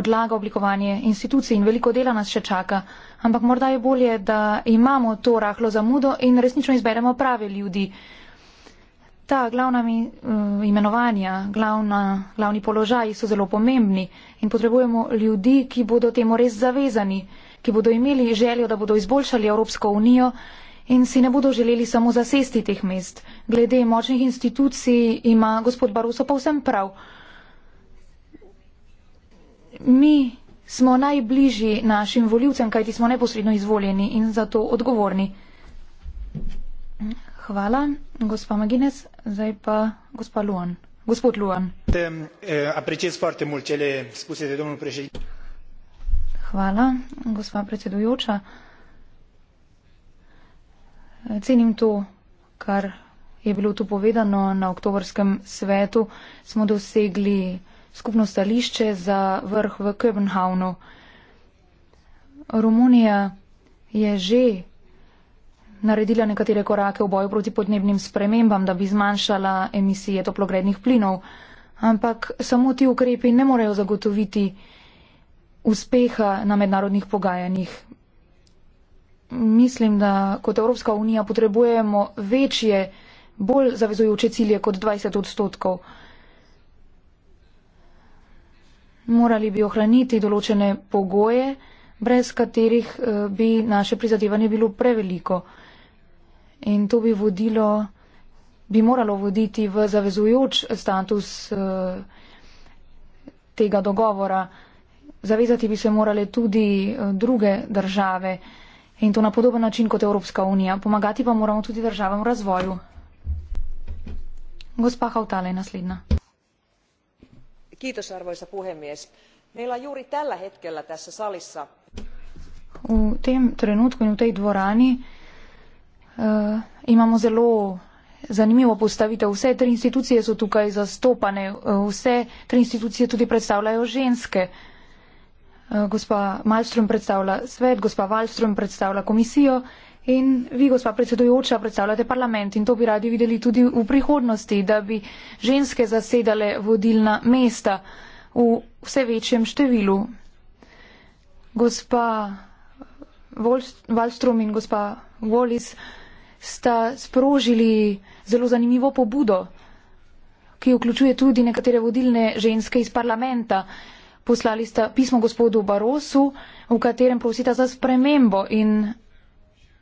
C: odlaga oblikovanje institucij in veliko dela nas še čaka. Ampak morda je bolje, da imamo to rahlo zamudo in resnično izberemo prave ljudi. Ta glavna eh, imenovanja, glavna, glavni položaji so zelo pomembni in potrebujemo ljudi, ki bodo temu res zavezani ki bodo imeli željo, da bodo izboljšali Evropsko unijo in si ne bodo želeli samo zasesti teh mest. Glede močnih institucij ima gospod Baruso povsem prav. Mi smo najbližji našim voljivcem, kajti smo neposredno izvoljeni in zato odgovorni. Hvala, gospa Magines. Zdaj pa gospa Luan. Gospod Luan.
B: Eh, apreciez foarte mult cele spuse de domnul președinte.
C: Hvala, gospa predsedujoča. Cenim to, kar je bilo tu povedano na oktobrskem svetu. Smo dosegli skupno stališče za vrh v Köbenhavnu. Romunija je že naredila nekatere korake v boju proti podnebnim spremembam, da bi zmanjšala emisije toplogrednih plinov, ampak samo ti ukrepi ne morejo zagotoviti uspeha na mednarodnih pogajanjih. Mislim, da kot Evropska unija potrebujemo večje, bolj zavezujoče cilje kot 20 odstotkov. Morali bi ohraniti določene pogoje, brez katerih eh, bi naše prizadevanje bilo preveliko. In to bi, vodilo, bi moralo voditi v zavezujoč status eh, tega dogovora. Zavezati bi se morale tudi eh, druge države in to na podoben način kot Evropska unija. Pomagati pa moramo tudi državam v razvoju. Gospa Hautala je naslednja.
D: Kitos, arvojsa puhemies. Meil on juuri tälla hetkella tässä salissa.
C: V tem trenutku in v tej dvorani uh, imamo zelo zanimivo postavitev. Vse tri institucije so tukaj zastopane, eh, vse tri institucije tudi predstavljajo ženske. Uh, Eh, gospa Malstrom predstavlja svet, gospa Valstrom predstavlja komisijo in vi, gospa predsedujoča, predstavljate parlament in to bi radi videli tudi v prihodnosti, da bi ženske zasedale vodilna mesta v vse večjem številu. Gospa Valstrom in gospa Wallis sta sprožili zelo zanimivo pobudo, ki vključuje tudi nekatere vodilne ženske iz parlamenta poslali ste pismo gospodu Barosu, v katerem prosite za spremembo in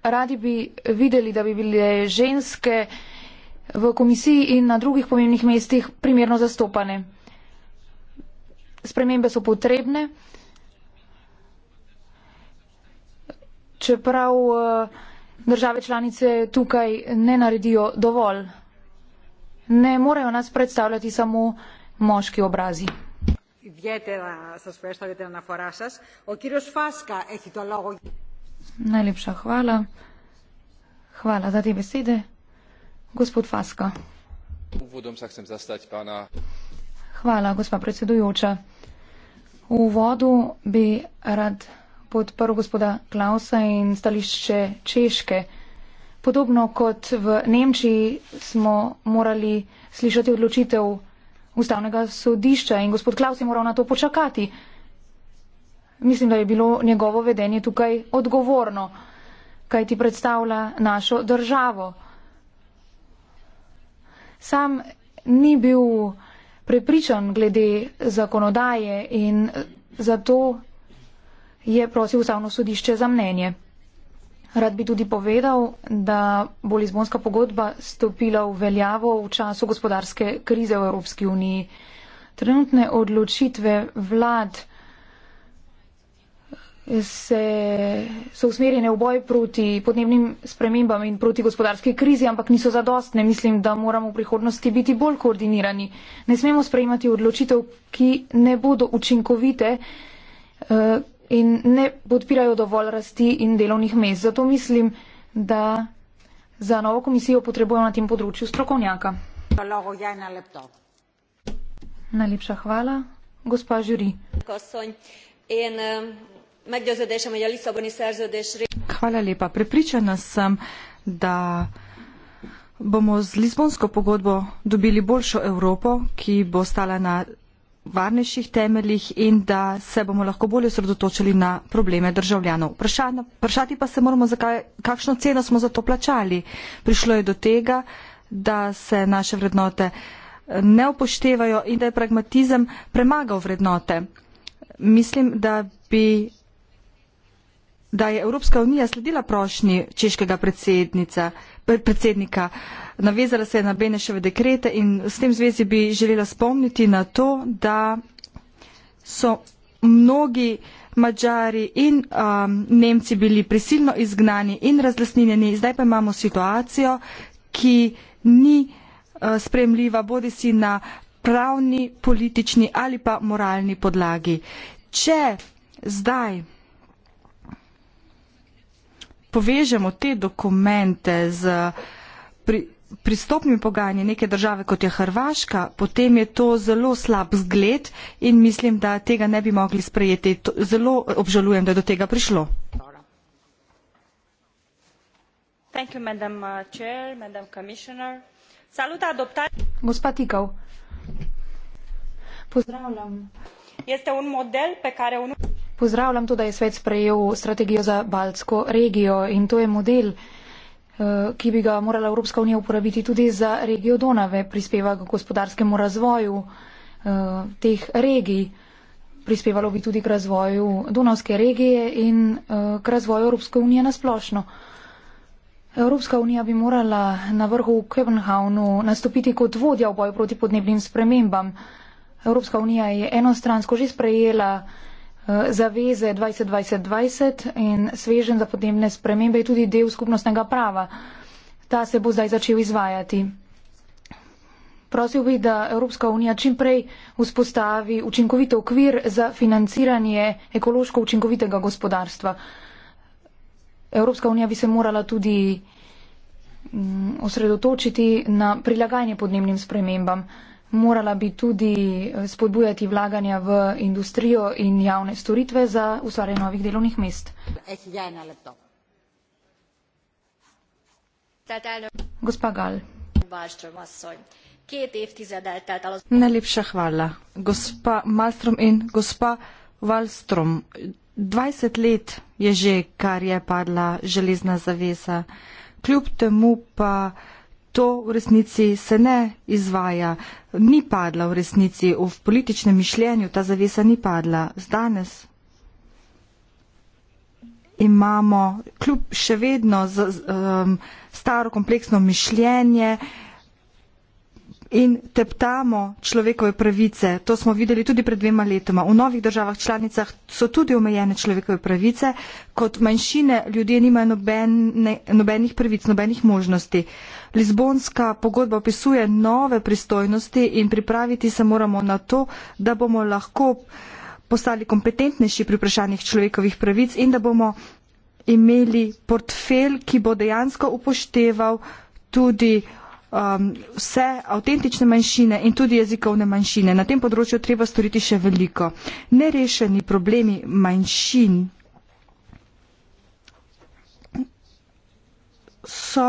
C: radi bi videli, da bi bile ženske v komisiji in na drugih pomembnih mestih primerno zastopane. Spremembe so potrebne. Čeprav eh, države članice tukaj ne naredijo dovolj, ne morejo nas predstavljati samo moški obrazi. Najlepša hvala. Hvala za te besede. Gospod Faska. Hvala, gospa predsedujoča. V uvodu bi rad podprl gospoda Klausa in stališče Češke. Podobno kot v Nemčiji smo morali slišati odločitev ustavnega sodišča in gospod Klaus je moral na to počakati. Mislim, da je bilo njegovo vedenje tukaj odgovorno, kaj ti predstavlja našo državo. Sam ni bil prepričan glede zakonodaje in zato je prosil ustavno sodišče za mnenje. Rad bi tudi povedal, da bo Lizbonska pogodba stopila v veljavo v času gospodarske krize v Evropski uniji. Trenutne odločitve vlad se, so usmerjene v boj proti podnebnim spremembam in proti gospodarski krizi, ampak niso zadostne. Mislim, da moramo v prihodnosti biti bolj koordinirani. Ne smemo sprejemati odločitev, ki ne bodo učinkovite, eh, in ne podpirajo dovolj rasti in delovnih mest. Zato mislim, da za novo komisijo potrebujemo na tem področju strokovnjaka. Ja Najlepša hvala. Gospa Žuri.
E: Hvala lepa. Prepričana sem, da bomo z Lizbonsko pogodbo dobili boljšo Evropo, ki bo stala na varnejših temeljih in da se bomo lahko bolje sredotočili na probleme državljanov. Vprašati pa se moramo, zakaj, kakšno ceno smo za to plačali. Prišlo je do tega, da se naše vrednote eh, ne upoštevajo in da je pragmatizem premagal vrednote. Mislim, da bi da je Evropska unija sledila prošnji češkega predsednika, predsednika navezala se je na Beneševe dekrete in s tem zvezi bi želela spomniti na to, da so mnogi Mačari in um, Nemci bili prisilno izgnani in razlasnjeni, zdaj pa imamo situacijo, ki ni uh, spremljiva bodi si na pravni, politični ali pa moralni podlagi. Če zdaj povežemo te dokumente z pri, pristopnimi pogajanji neke države, kot je Hrvaška, potem je to zelo slab zgled in mislim, da tega ne bi mogli sprejeti. To zelo obžalujem, da je do tega prišlo. Uh,
C: Gospa Tikov. Pozdravljam.
E: Este un model pe care un...
C: Pozdravljam to, da je svet sprejel strategijo za Baltsko regijo in to je model, Eh, ki bi ga morala Evropska unija uporabiti tudi za regijo Donave, prispeva k gospodarskemu razvoju eh, teh regij, prispevalo bi tudi k razvoju Donavske regije in eh, k razvoju Evropske unije nasplošno. Evropska unija bi morala na vrhu v Kevnhavnu nastopiti kot vodja v boju proti podnebnim spremembam. Evropska unija je enostransko že sprejela Eh, zaveze 2020 in svežen za podnebne spremembe je tudi del skupnostnega prava. Ta se bo zdaj začel izvajati. Prosil bi, da Evropska unija čimprej vzpostavi učinkovit okvir za financiranje ekološko učinkovitega gospodarstva. Evropska unija bi se morala tudi mm, osredotočiti na prilagajanje podnebnim spremembam morala bi tudi eh, spodbujati vlaganja v industrijo in javne storitve za ustvarjanje novih delovnih mest.
E: Gospa Gal. Najlepša hvala. Gospa Malstrom in gospa Valstrom. 20 let je že, kar je padla železna zavesa. Kljub temu pa to v resnici se ne izvaja, ni padla v resnici, v političnem mišljenju ta zavesa ni padla. Zdanes imamo kljub še vedno z, z, um, staro kompleksno mišljenje, uh, in teptamo človekove pravice. To smo videli tudi pred dvema letoma. V novih državah članicah so tudi omejene človekove pravice. Kot manjšine ljudje nimajo nobene, nobenih pravic, nobenih možnosti. Lizbonska pogodba opisuje nove pristojnosti in pripraviti se moramo na to, da bomo lahko postali kompetentnejši pri vprašanjih človekovih pravic in da bomo imeli portfel, ki bo dejansko upošteval tudi um, vse avtentične manjšine in tudi jezikovne manjšine. Na tem področju treba storiti še veliko. Nerešeni problemi manjšin so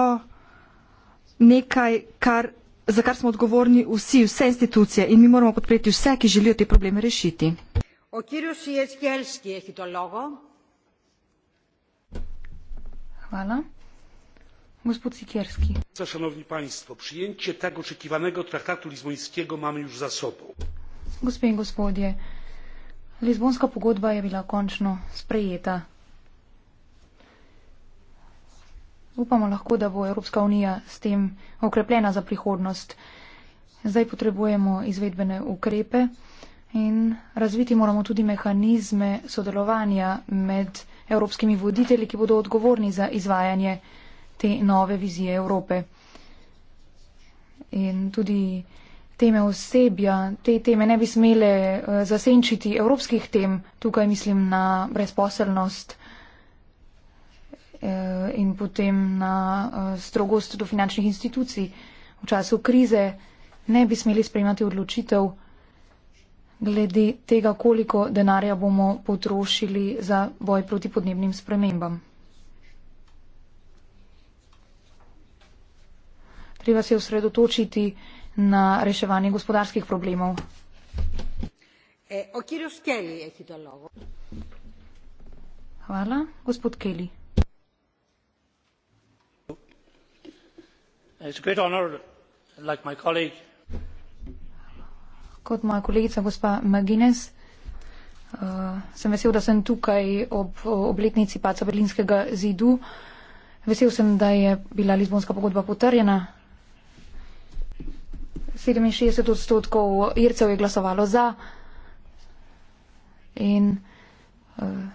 E: nekaj, kar, za kar smo odgovorni vsi, vse institucije in mi moramo podpreti vse, ki želijo te probleme rešiti. Hvala
B: przyjęcie tak oczekiwanego traktatu lizbońskiego mamy już za sobą.
C: Gospe in gospodje, Lizbonska pogodba je bila končno sprejeta. Upamo lahko, da bo Evropska unija s tem okrepljena za prihodnost. Zdaj potrebujemo izvedbene ukrepe in razviti moramo tudi mehanizme sodelovanja med evropskimi voditelji, ki bodo odgovorni za izvajanje te nove vizije Evrope. In tudi teme osebja, te teme ne bi smele eh, zasenčiti evropskih tem, tukaj mislim na brezposelnost eh, in potem na eh, strogost do finančnih institucij. V času krize ne bi smeli sprejemati odločitev glede tega, koliko denarja bomo potrošili za boj proti podnebnim spremembam. treba se osredotočiti na reševanje gospodarskih problemov. Eh, Hvala. Gospod Kelly. Kot moja kolegica, gospa McGuinness, eh, sem vesel, da sem tukaj ob obletnici paca berlinskega zidu. Vesel sem, da je bila Lizbonska pogodba potrjena. 64 odstotkov Ircev je glasovalo za in eh,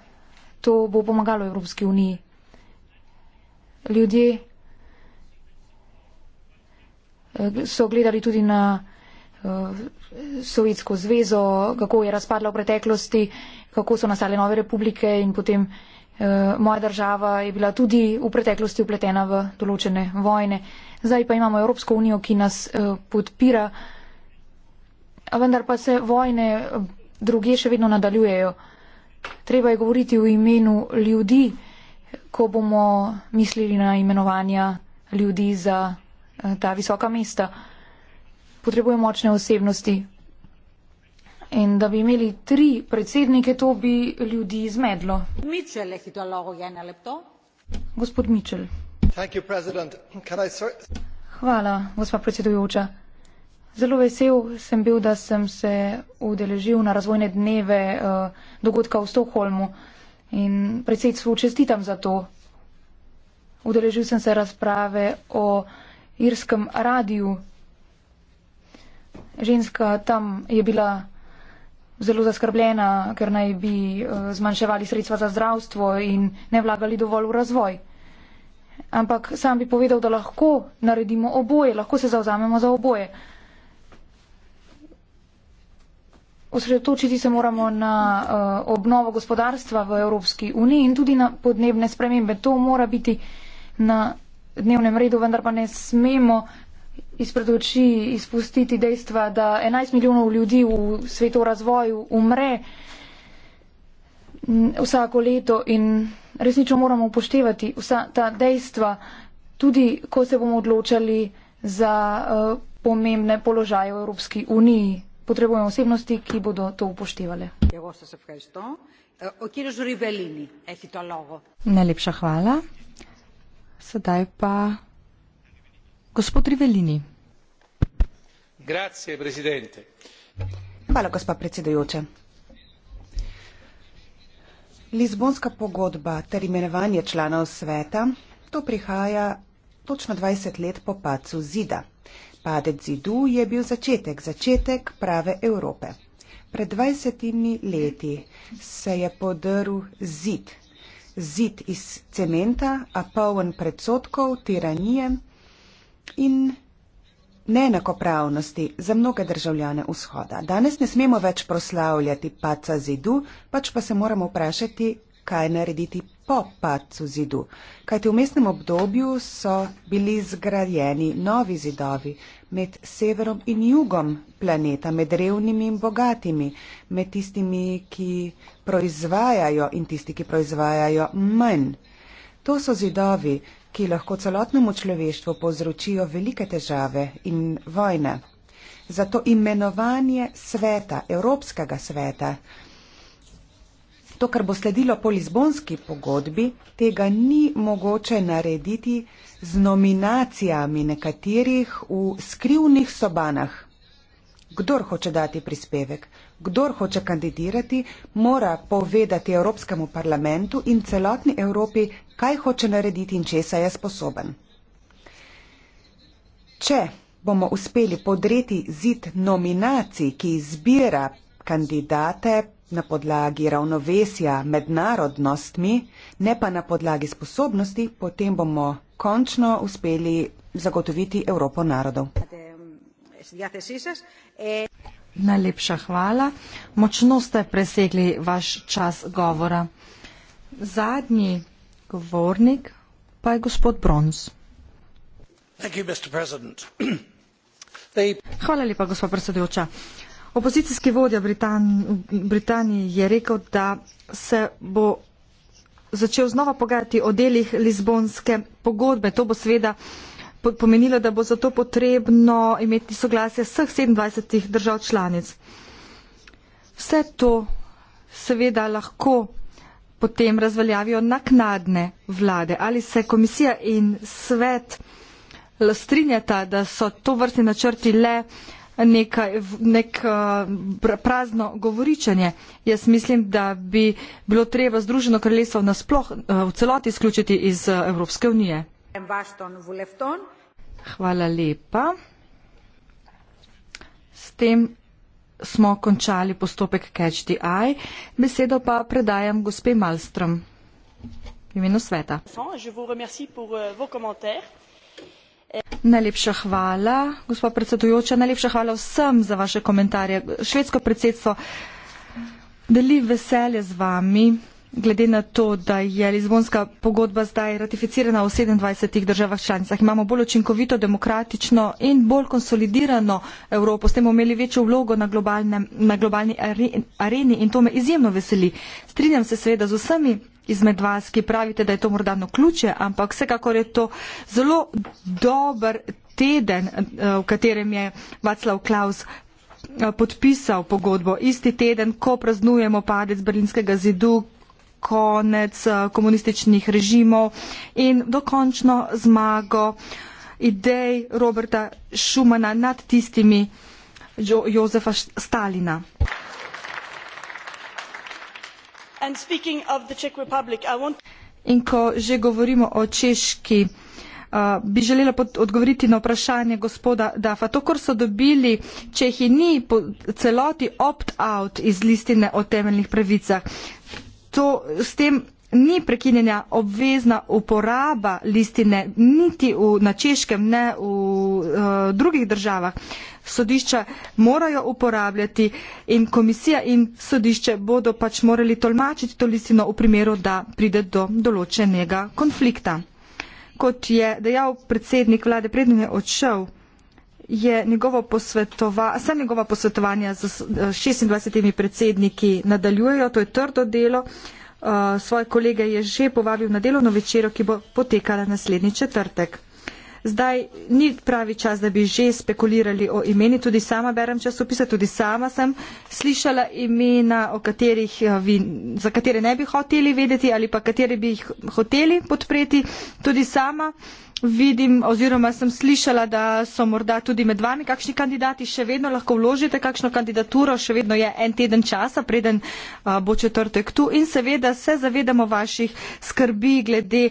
C: to bo pomagalo Evropski uniji. Ljudje eh, so gledali tudi na eh, Sovjetsko zvezo, kako je razpadla v preteklosti, kako so nastale nove republike in potem moja država je bila tudi v preteklosti upletena v določene vojne zdaj pa imamo Evropsko unijo, ki nas eh, podpira, a vendar pa se vojne eh, druge še vedno nadaljujejo. Treba je govoriti v imenu ljudi, ko bomo mislili na imenovanja ljudi za eh, ta visoka mesta. Potrebujemo močne osebnosti. In da bi imeli tri predsednike, to bi ljudi izmedlo.
D: Mičel je hitro lahko, je ne lepo?
C: Gospod Mičel. Hvala, gospa predsedujoča. Zelo vesel sem bil, da sem se udeležil na razvojne dneve eh, dogodka v Stokholmu in predsedstvu čestitam za to. Udeležil sem se razprave o irskem radiju. Ženska tam je bila zelo zaskrbljena, ker naj bi eh, zmanjševali sredstva za zdravstvo in ne vlagali dovolj v razvoj ampak sam bi povedal, da lahko naredimo oboje, lahko se zauzamemo za oboje. Osredotočiti se moramo na uh, obnovo gospodarstva v Evropski uniji in tudi na podnebne spremembe. To mora biti na dnevnem redu, vendar pa ne smemo izpred oči izpustiti dejstva, da 11 milijonov ljudi v svetu razvoju umre. Uh, vsako leto in resnično moramo upoštevati vsa ta dejstva, tudi ko se bomo odločali za eh, pomembne položaje v Evropski uniji. Potrebujemo osebnosti, ki bodo to upoštevali.
E: Najlepša hvala. Sedaj pa gospod Rivelini.
D: Hvala, gospa predsedujoča. Lizbonska pogodba ter imenovanje članov sveta, to prihaja točno 20 let po pacu zida. Padec zidu je bil začetek, začetek prave Evrope. Pred 20 leti se je podrl zid. Zid iz cementa, a poln predsotkov, tiranije in neenakopravnosti za mnoge državljane vzhoda. Danes ne smemo več proslavljati paca zidu, pač pa se moramo vprašati, kaj narediti po pacu zidu. Kajti v mestnem obdobju so bili zgrajeni novi zidovi med severom in jugom planeta, med revnimi in bogatimi, med tistimi, ki proizvajajo in tisti, ki proizvajajo manj. To so zidovi, ki lahko celotnemu človeštvu povzročijo velike težave in vojne. Zato imenovanje sveta, Evropskega sveta, to, kar bo sledilo po Lizbonski pogodbi, tega ni mogoče narediti z nominacijami nekaterih v skrivnih sobanah. Kdor hoče dati prispevek, Kdor hoče kandidirati, mora povedati Evropskemu parlamentu in celotni Evropi, kaj hoče narediti in česa je sposoben. Če bomo uspeli podreti zid nominacij, ki izbira kandidate na podlagi ravnovesja med narodnostmi, ne pa na podlagi sposobnosti, potem bomo končno
E: uspeli zagotoviti Evropo narodov. Najlepša hvala. Močno ste presegli vaš čas govora. Zadnji govornik pa je gospod Bronz. Hvala lepa, gospa predsedujoča. Opozicijski vodja Britan Britanije je rekel, da se bo začel znova pogajati o delih Lizbonske pogodbe. To bo seveda uh, pomenilo, da bo zato potrebno imeti soglasje vseh 27 držav članic. Vse to seveda lahko potem razveljavijo naknadne vlade. Ali se komisija in svet strinjata, da so to vrsti načrti le nekaj, nek eh, prazno govoričanje. Jaz mislim, da bi bilo treba Združeno kraljestvo nasploh eh, v celoti izključiti iz eh, Evropske unije. Hvala lepa. S tem smo končali postopek Catch the Eye. Besedo pa predajam gospe Malstrom v imenu sveta. Euh, Najlepša hvala, gospa predsedujoča. Najlepša hvala vsem za vaše komentarje. Švedsko predsedstvo deli veselje z vami glede na to, da je Lizbonska pogodba zdaj ratificirana v 27 državah članicah, imamo bolj učinkovito, demokratično in bolj konsolidirano Evropo, s tem imeli večjo vlogo na, na globalni areni in to me izjemno veseli. Strinjam se seveda z vsemi izmed vas, ki pravite, da je to morda no ključe, ampak vsekakor je to zelo dober teden, eh, v katerem je Václav Klaus eh, podpisal pogodbo. Isti teden, ko praznujemo padec Berlinskega zidu, konec eh, komunističnih režimov in dokončno zmago idej Roberta Šumana nad tistimi jo Jozefa Stalina. In ko že govorimo o Češki, uh, bi želela odgovoriti na vprašanje gospoda Dafa. To, kar so dobili Čehi, ni celoti opt-out iz listine o temeljnih pravicah to, s tem ni prekinjena obvezna uporaba listine, niti v, na češkem, ne v uh, drugih državah. Sodišča morajo uporabljati in komisija in sodišče bodo pač morali tolmačiti to listino v primeru, da pride do določenega konflikta. Kot je dejal predsednik vlade, predne odšel, je njegovo posvetova, se njegova posvetovanja z 26 eh, predsedniki nadaljujejo, to je trdo delo. Eh, svoje kolege je že povabil na delovno večero, ki bo potekala naslednji četrtek. Zdaj ni pravi čas, da bi že spekulirali o imeni, tudi sama berem časopise, tudi sama sem slišala imena, katerih, eh, za katere ne bi hoteli vedeti ali pa kateri bi jih hoteli podpreti, tudi sama. Vidim, oziroma sem slišala, da so morda tudi med vami kakšni kandidati, še vedno lahko vložite kakšno kandidaturo, še vedno je en teden časa, preden bo četrtek tu in seveda se zavedamo vaših skrbi glede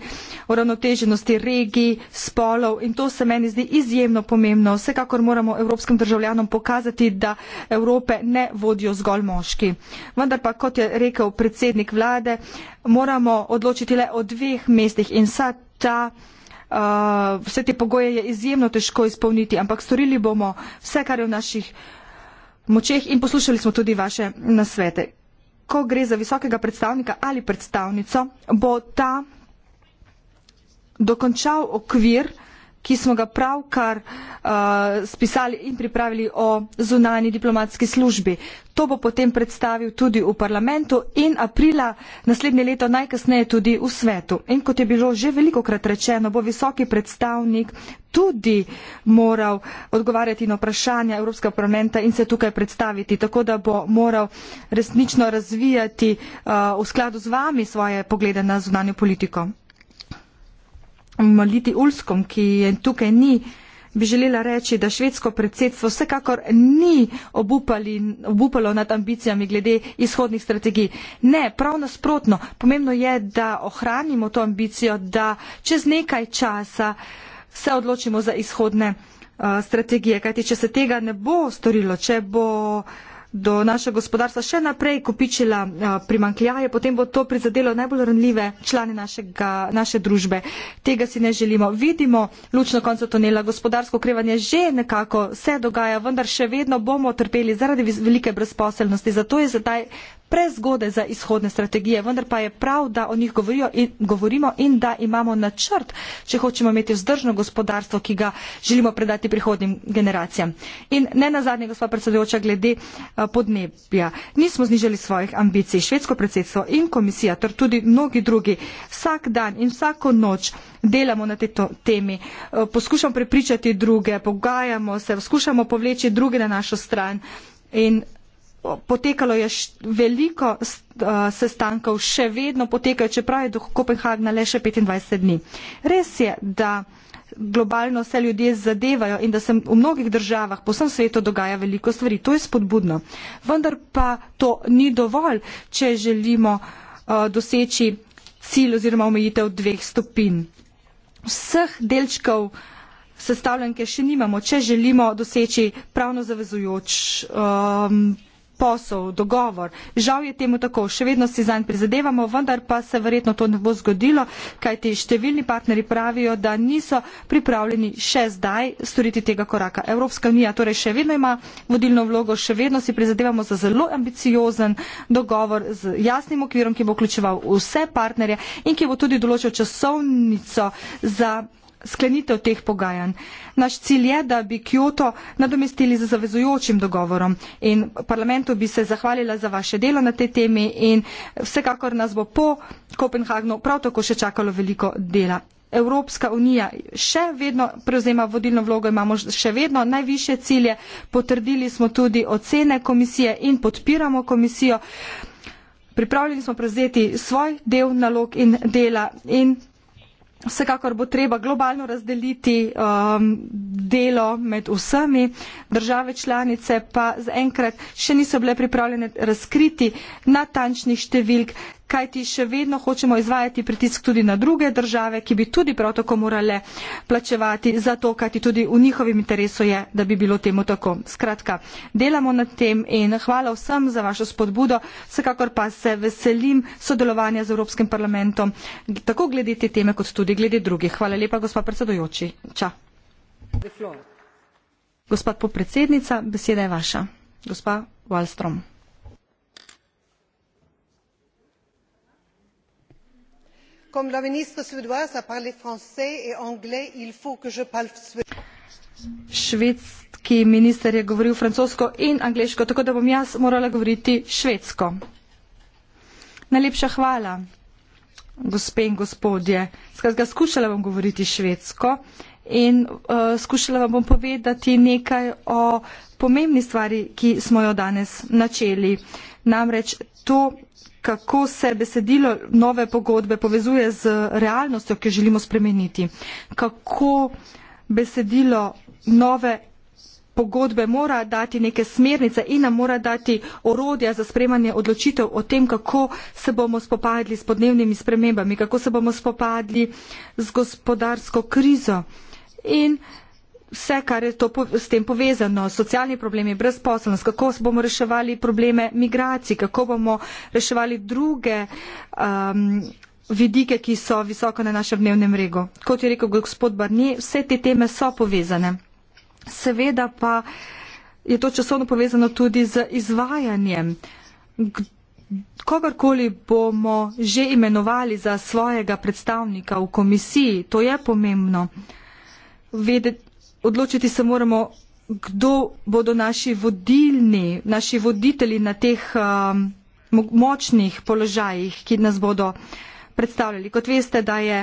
E: uravnoteženosti regij, spolov in to se meni zdi izjemno pomembno. Vsekakor moramo evropskim državljanom pokazati, da Evrope ne vodijo zgolj moški. Vendar pa, kot je rekel predsednik vlade, moramo odločiti le o dveh mestih in sad ta. Eh, vse te pogoje je izjemno težko izpolniti, ampak storili bomo vse, kar je v naših močeh in poslušali smo tudi vaše nasvete. Ko gre za visokega predstavnika ali predstavnico, bo ta dokončal okvir, ki smo ga pravkar uh, spisali in pripravili o zunanji diplomatski službi. To bo potem predstavil tudi v parlamentu in aprila naslednje leto najkasneje tudi v svetu. In kot je bilo že veliko krat rečeno, bo visoki predstavnik tudi moral odgovarjati na vprašanja Evropskega parlamenta in se tukaj predstaviti, tako da bo moral resnično razvijati uh, v skladu z vami svoje poglede na zunanjo politiko. Maliti Ulskom, ki je tukaj ni, bi želela reči, da švedsko predsedstvo vsekakor ni obupali, obupalo nad ambicijami glede izhodnih strategij. Ne, prav nasprotno. Pomembno je, da ohranimo to ambicijo, da čez nekaj časa se odločimo za izhodne uh, strategije. Kajti, če se tega ne bo storilo, če bo uh, do naše gospodarstva še naprej kopičila eh, primankljaje, potem bo to prizadelo najbolj ranljive člane našega, naše družbe. Tega si ne želimo. Vidimo lučno konca tunela, gospodarsko krevanje že nekako se dogaja, vendar še vedno bomo trpeli zaradi velike brezposelnosti. Zato je zdaj prezgode za izhodne strategije, vendar pa je prav, da o njih in, govorimo in da imamo načrt, če hočemo imeti vzdržno gospodarstvo, ki ga želimo predati prihodnim generacijam. In ne nazadnje, gospa predsedujoča, glede eh, podnebja. Nismo znižali svojih ambicij. Švedsko predsedstvo in komisija, ter tudi mnogi drugi, vsak dan in vsako noč delamo na tej temi, eh, poskušamo prepričati druge, pogajamo se, skušamo povleči druge na našo stran. In Potekalo je veliko sestankov, še vedno potekajo, čeprav je do Kopenhagna le še 25 dni. Res je, da globalno se ljudje zadevajo in da se v mnogih državah po vsem svetu dogaja veliko stvari. To je spodbudno. Vendar pa to ni dovolj, če želimo doseči cilj oziroma omejitev dveh stopin. Vseh delčkov sestavljanke še nimamo, če želimo doseči pravno zavezujoč. Um, posel, dogovor. Žal je temu tako, še vedno si zanj prizadevamo, vendar pa se verjetno to ne bo zgodilo, kajti številni partneri pravijo, da niso pripravljeni še zdaj storiti tega koraka. Evropska unija torej še vedno ima vodilno vlogo, še vedno si prizadevamo za zelo ambiciozen dogovor z jasnim okvirom, ki bo vključeval vse partnerje in ki bo tudi določil časovnico za sklenitev teh pogajanj. Naš cilj je, da bi Kyoto nadomestili z zavezujočim dogovorom in parlamentu bi se zahvalila za vaše delo na tej temi in vsekakor nas bo po Kopenhagnu prav tako še čakalo veliko dela. Evropska unija še vedno prevzema vodilno vlogo, imamo še vedno najviše cilje, potrdili smo tudi ocene komisije in podpiramo komisijo. Pripravljeni smo prevzeti svoj del nalog in dela in Vsekakor bo treba globalno razdeliti um, delo med vsemi, države članice pa zaenkrat še niso bile pripravljene razkriti natančnih številk, kajti še vedno hočemo izvajati pritisk tudi na druge države, ki bi tudi prav tako morale plačevati za to, kajti tudi v njihovem interesu je, da bi bilo temu tako. Skratka, delamo nad tem in hvala vsem za vašo spodbudo, vsekakor pa se veselim sodelovanja z Evropskim parlamentom, tako glede te teme, kot tudi glede drugih. Hvala lepa, gospod predsedojoči. Ča. Gospod podpredsednica, beseda je vaša. Gospa Wallstrom.
D: comme la ministre suédoise a parlé français et anglais il faut que je parle
E: švedski minister je govoril francosko in angleško tako da bom jaz morala govoriti švedsko najlepša hvala gospe in gospodje skratka skušala bom govoriti švedsko in uh, skušala vam bom povedati nekaj o pomembni stvari ki smo jo danes načeli namreč to kako se besedilo nove pogodbe povezuje z realnostjo, ki jo želimo spremeniti. Kako besedilo nove pogodbe mora dati neke smernice in nam mora dati orodja za spremanje odločitev o tem, kako se bomo spopadli s podnebnimi spremembami, kako se bomo spopadli z gospodarsko krizo. In vse, kar je to, s tem povezano, socialni problemi, brezposelnost, kako bomo reševali probleme migracij, kako bomo reševali druge um, vidike, ki so visoko na našem dnevnem regu. Kot je rekel gospod Barnier, vse te teme so povezane. Seveda pa je to časovno povezano tudi z izvajanjem. Kogarkoli bomo že imenovali za svojega predstavnika v komisiji, to je pomembno. Vedeti, odločiti se moramo, kdo bodo naši vodilni, naši voditelji na teh um, močnih položajih, ki nas bodo predstavljali. Kot veste, da je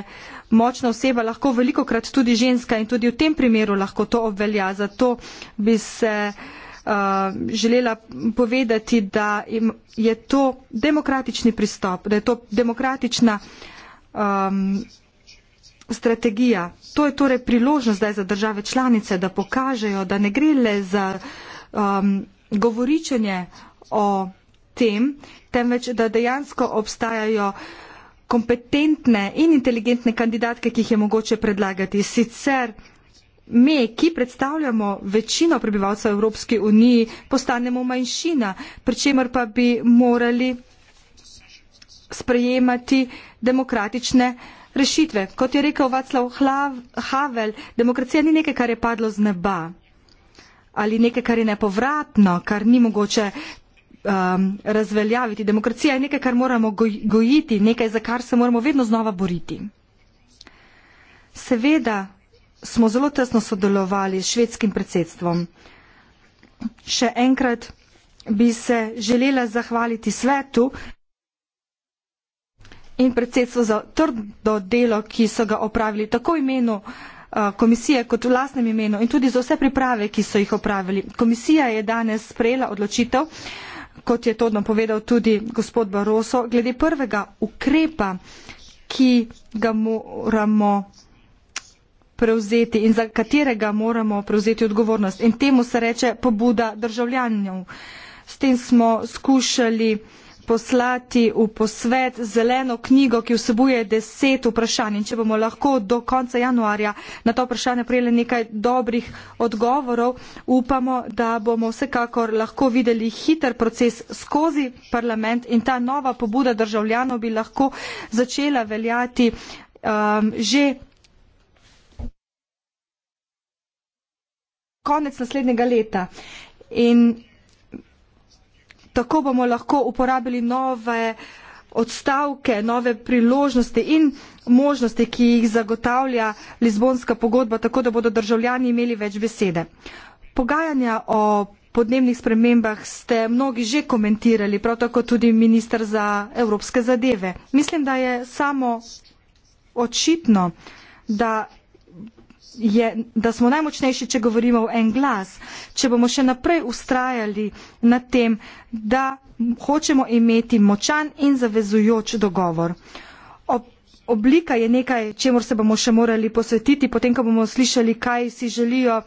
E: močna oseba lahko veliko krat tudi ženska in tudi v tem primeru lahko to obvelja. Zato bi se uh, želela povedati, da je to demokratični pristop, da je to demokratična. Um, strategija. To je torej priložnost zdaj za države članice, da pokažejo, da ne gre le za um, govoričenje o tem, temveč da dejansko obstajajo kompetentne in inteligentne kandidatke, ki jih je mogoče predlagati. Sicer mi, ki predstavljamo večino prebivalcev Evropske unije, postanemo manjšina, pričemer pa bi morali sprejemati demokratične rešitve. Kot je rekel Vaclav Havel, demokracija ni nekaj, kar je padlo z neba ali nekaj, kar je nepovratno, kar ni mogoče um, razveljaviti. Demokracija je nekaj, kar moramo gojiti, nekaj, za kar se moramo vedno znova boriti. Seveda smo zelo tesno sodelovali s švedskim predsedstvom. Še enkrat bi se želela zahvaliti svetu in predsedstvo za trdo delo, ki so ga opravili tako v imenu uh, komisije kot v lastnem imenu in tudi za vse priprave, ki so jih opravili. Komisija je danes sprejela odločitev, kot je to povedal tudi gospod Baroso, glede prvega ukrepa, ki ga moramo prevzeti in za katerega moramo prevzeti odgovornost. In temu se reče pobuda državljanjev. S tem smo skušali uh, poslati v posvet zeleno knjigo, ki vsebuje deset vprašanj. In če bomo lahko do konca januarja na to vprašanje prijeli nekaj dobrih odgovorov, upamo, da bomo vsekakor lahko videli hiter proces skozi parlament in ta nova pobuda državljanov bi lahko začela veljati um, že. Konec naslednjega leta. In Tako bomo lahko uporabili nove odstavke, nove priložnosti in možnosti, ki jih zagotavlja Lizbonska pogodba, tako da bodo državljani imeli več besede. Pogajanja o podnebnih spremembah ste mnogi že komentirali, prav tako tudi ministr za evropske zadeve. Mislim, da je samo očitno, da je, da smo najmočnejši, če govorimo v en glas, če bomo še naprej ustrajali na tem, da hočemo imeti močan in zavezujoč dogovor. Ob Oblika je nekaj, čemu se bomo še morali posvetiti, potem, ko bomo slišali, kaj si želijo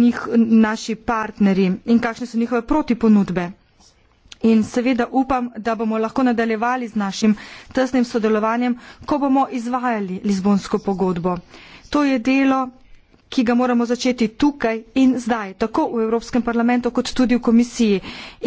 E: njih, naši partnerji in kakšne so njihove protiponudbe. In seveda upam, da bomo lahko nadaljevali z našim tesnim sodelovanjem, ko bomo izvajali Lizbonsko pogodbo. To je delo, ki ga moramo začeti tukaj in zdaj, tako v Evropskem parlamentu, kot tudi v komisiji.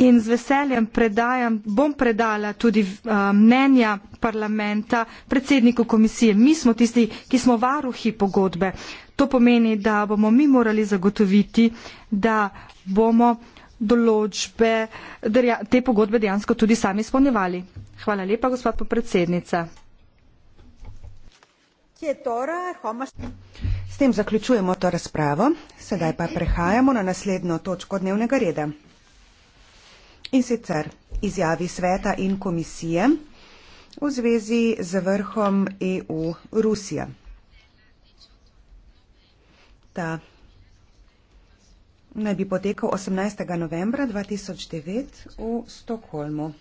E: In z veseljem predajam, bom predala tudi eh, mnenja parlamenta predsedniku komisije. Mi smo tisti, ki smo varuhi pogodbe. To pomeni, da bomo mi morali zagotoviti, da bomo določbe te pogodbe dejansko tudi sami spolnjevali. Hvala lepa, gospod podpredsednica.
D: Kje tora, homas... S tem zaključujemo to razpravo, sedaj pa prehajamo na naslednjo točko dnevnega reda. In sicer izjavi sveta in komisije v zvezi z vrhom EU Rusija. Ta naj bi potekal 18. novembra 2009 v Stokholmu.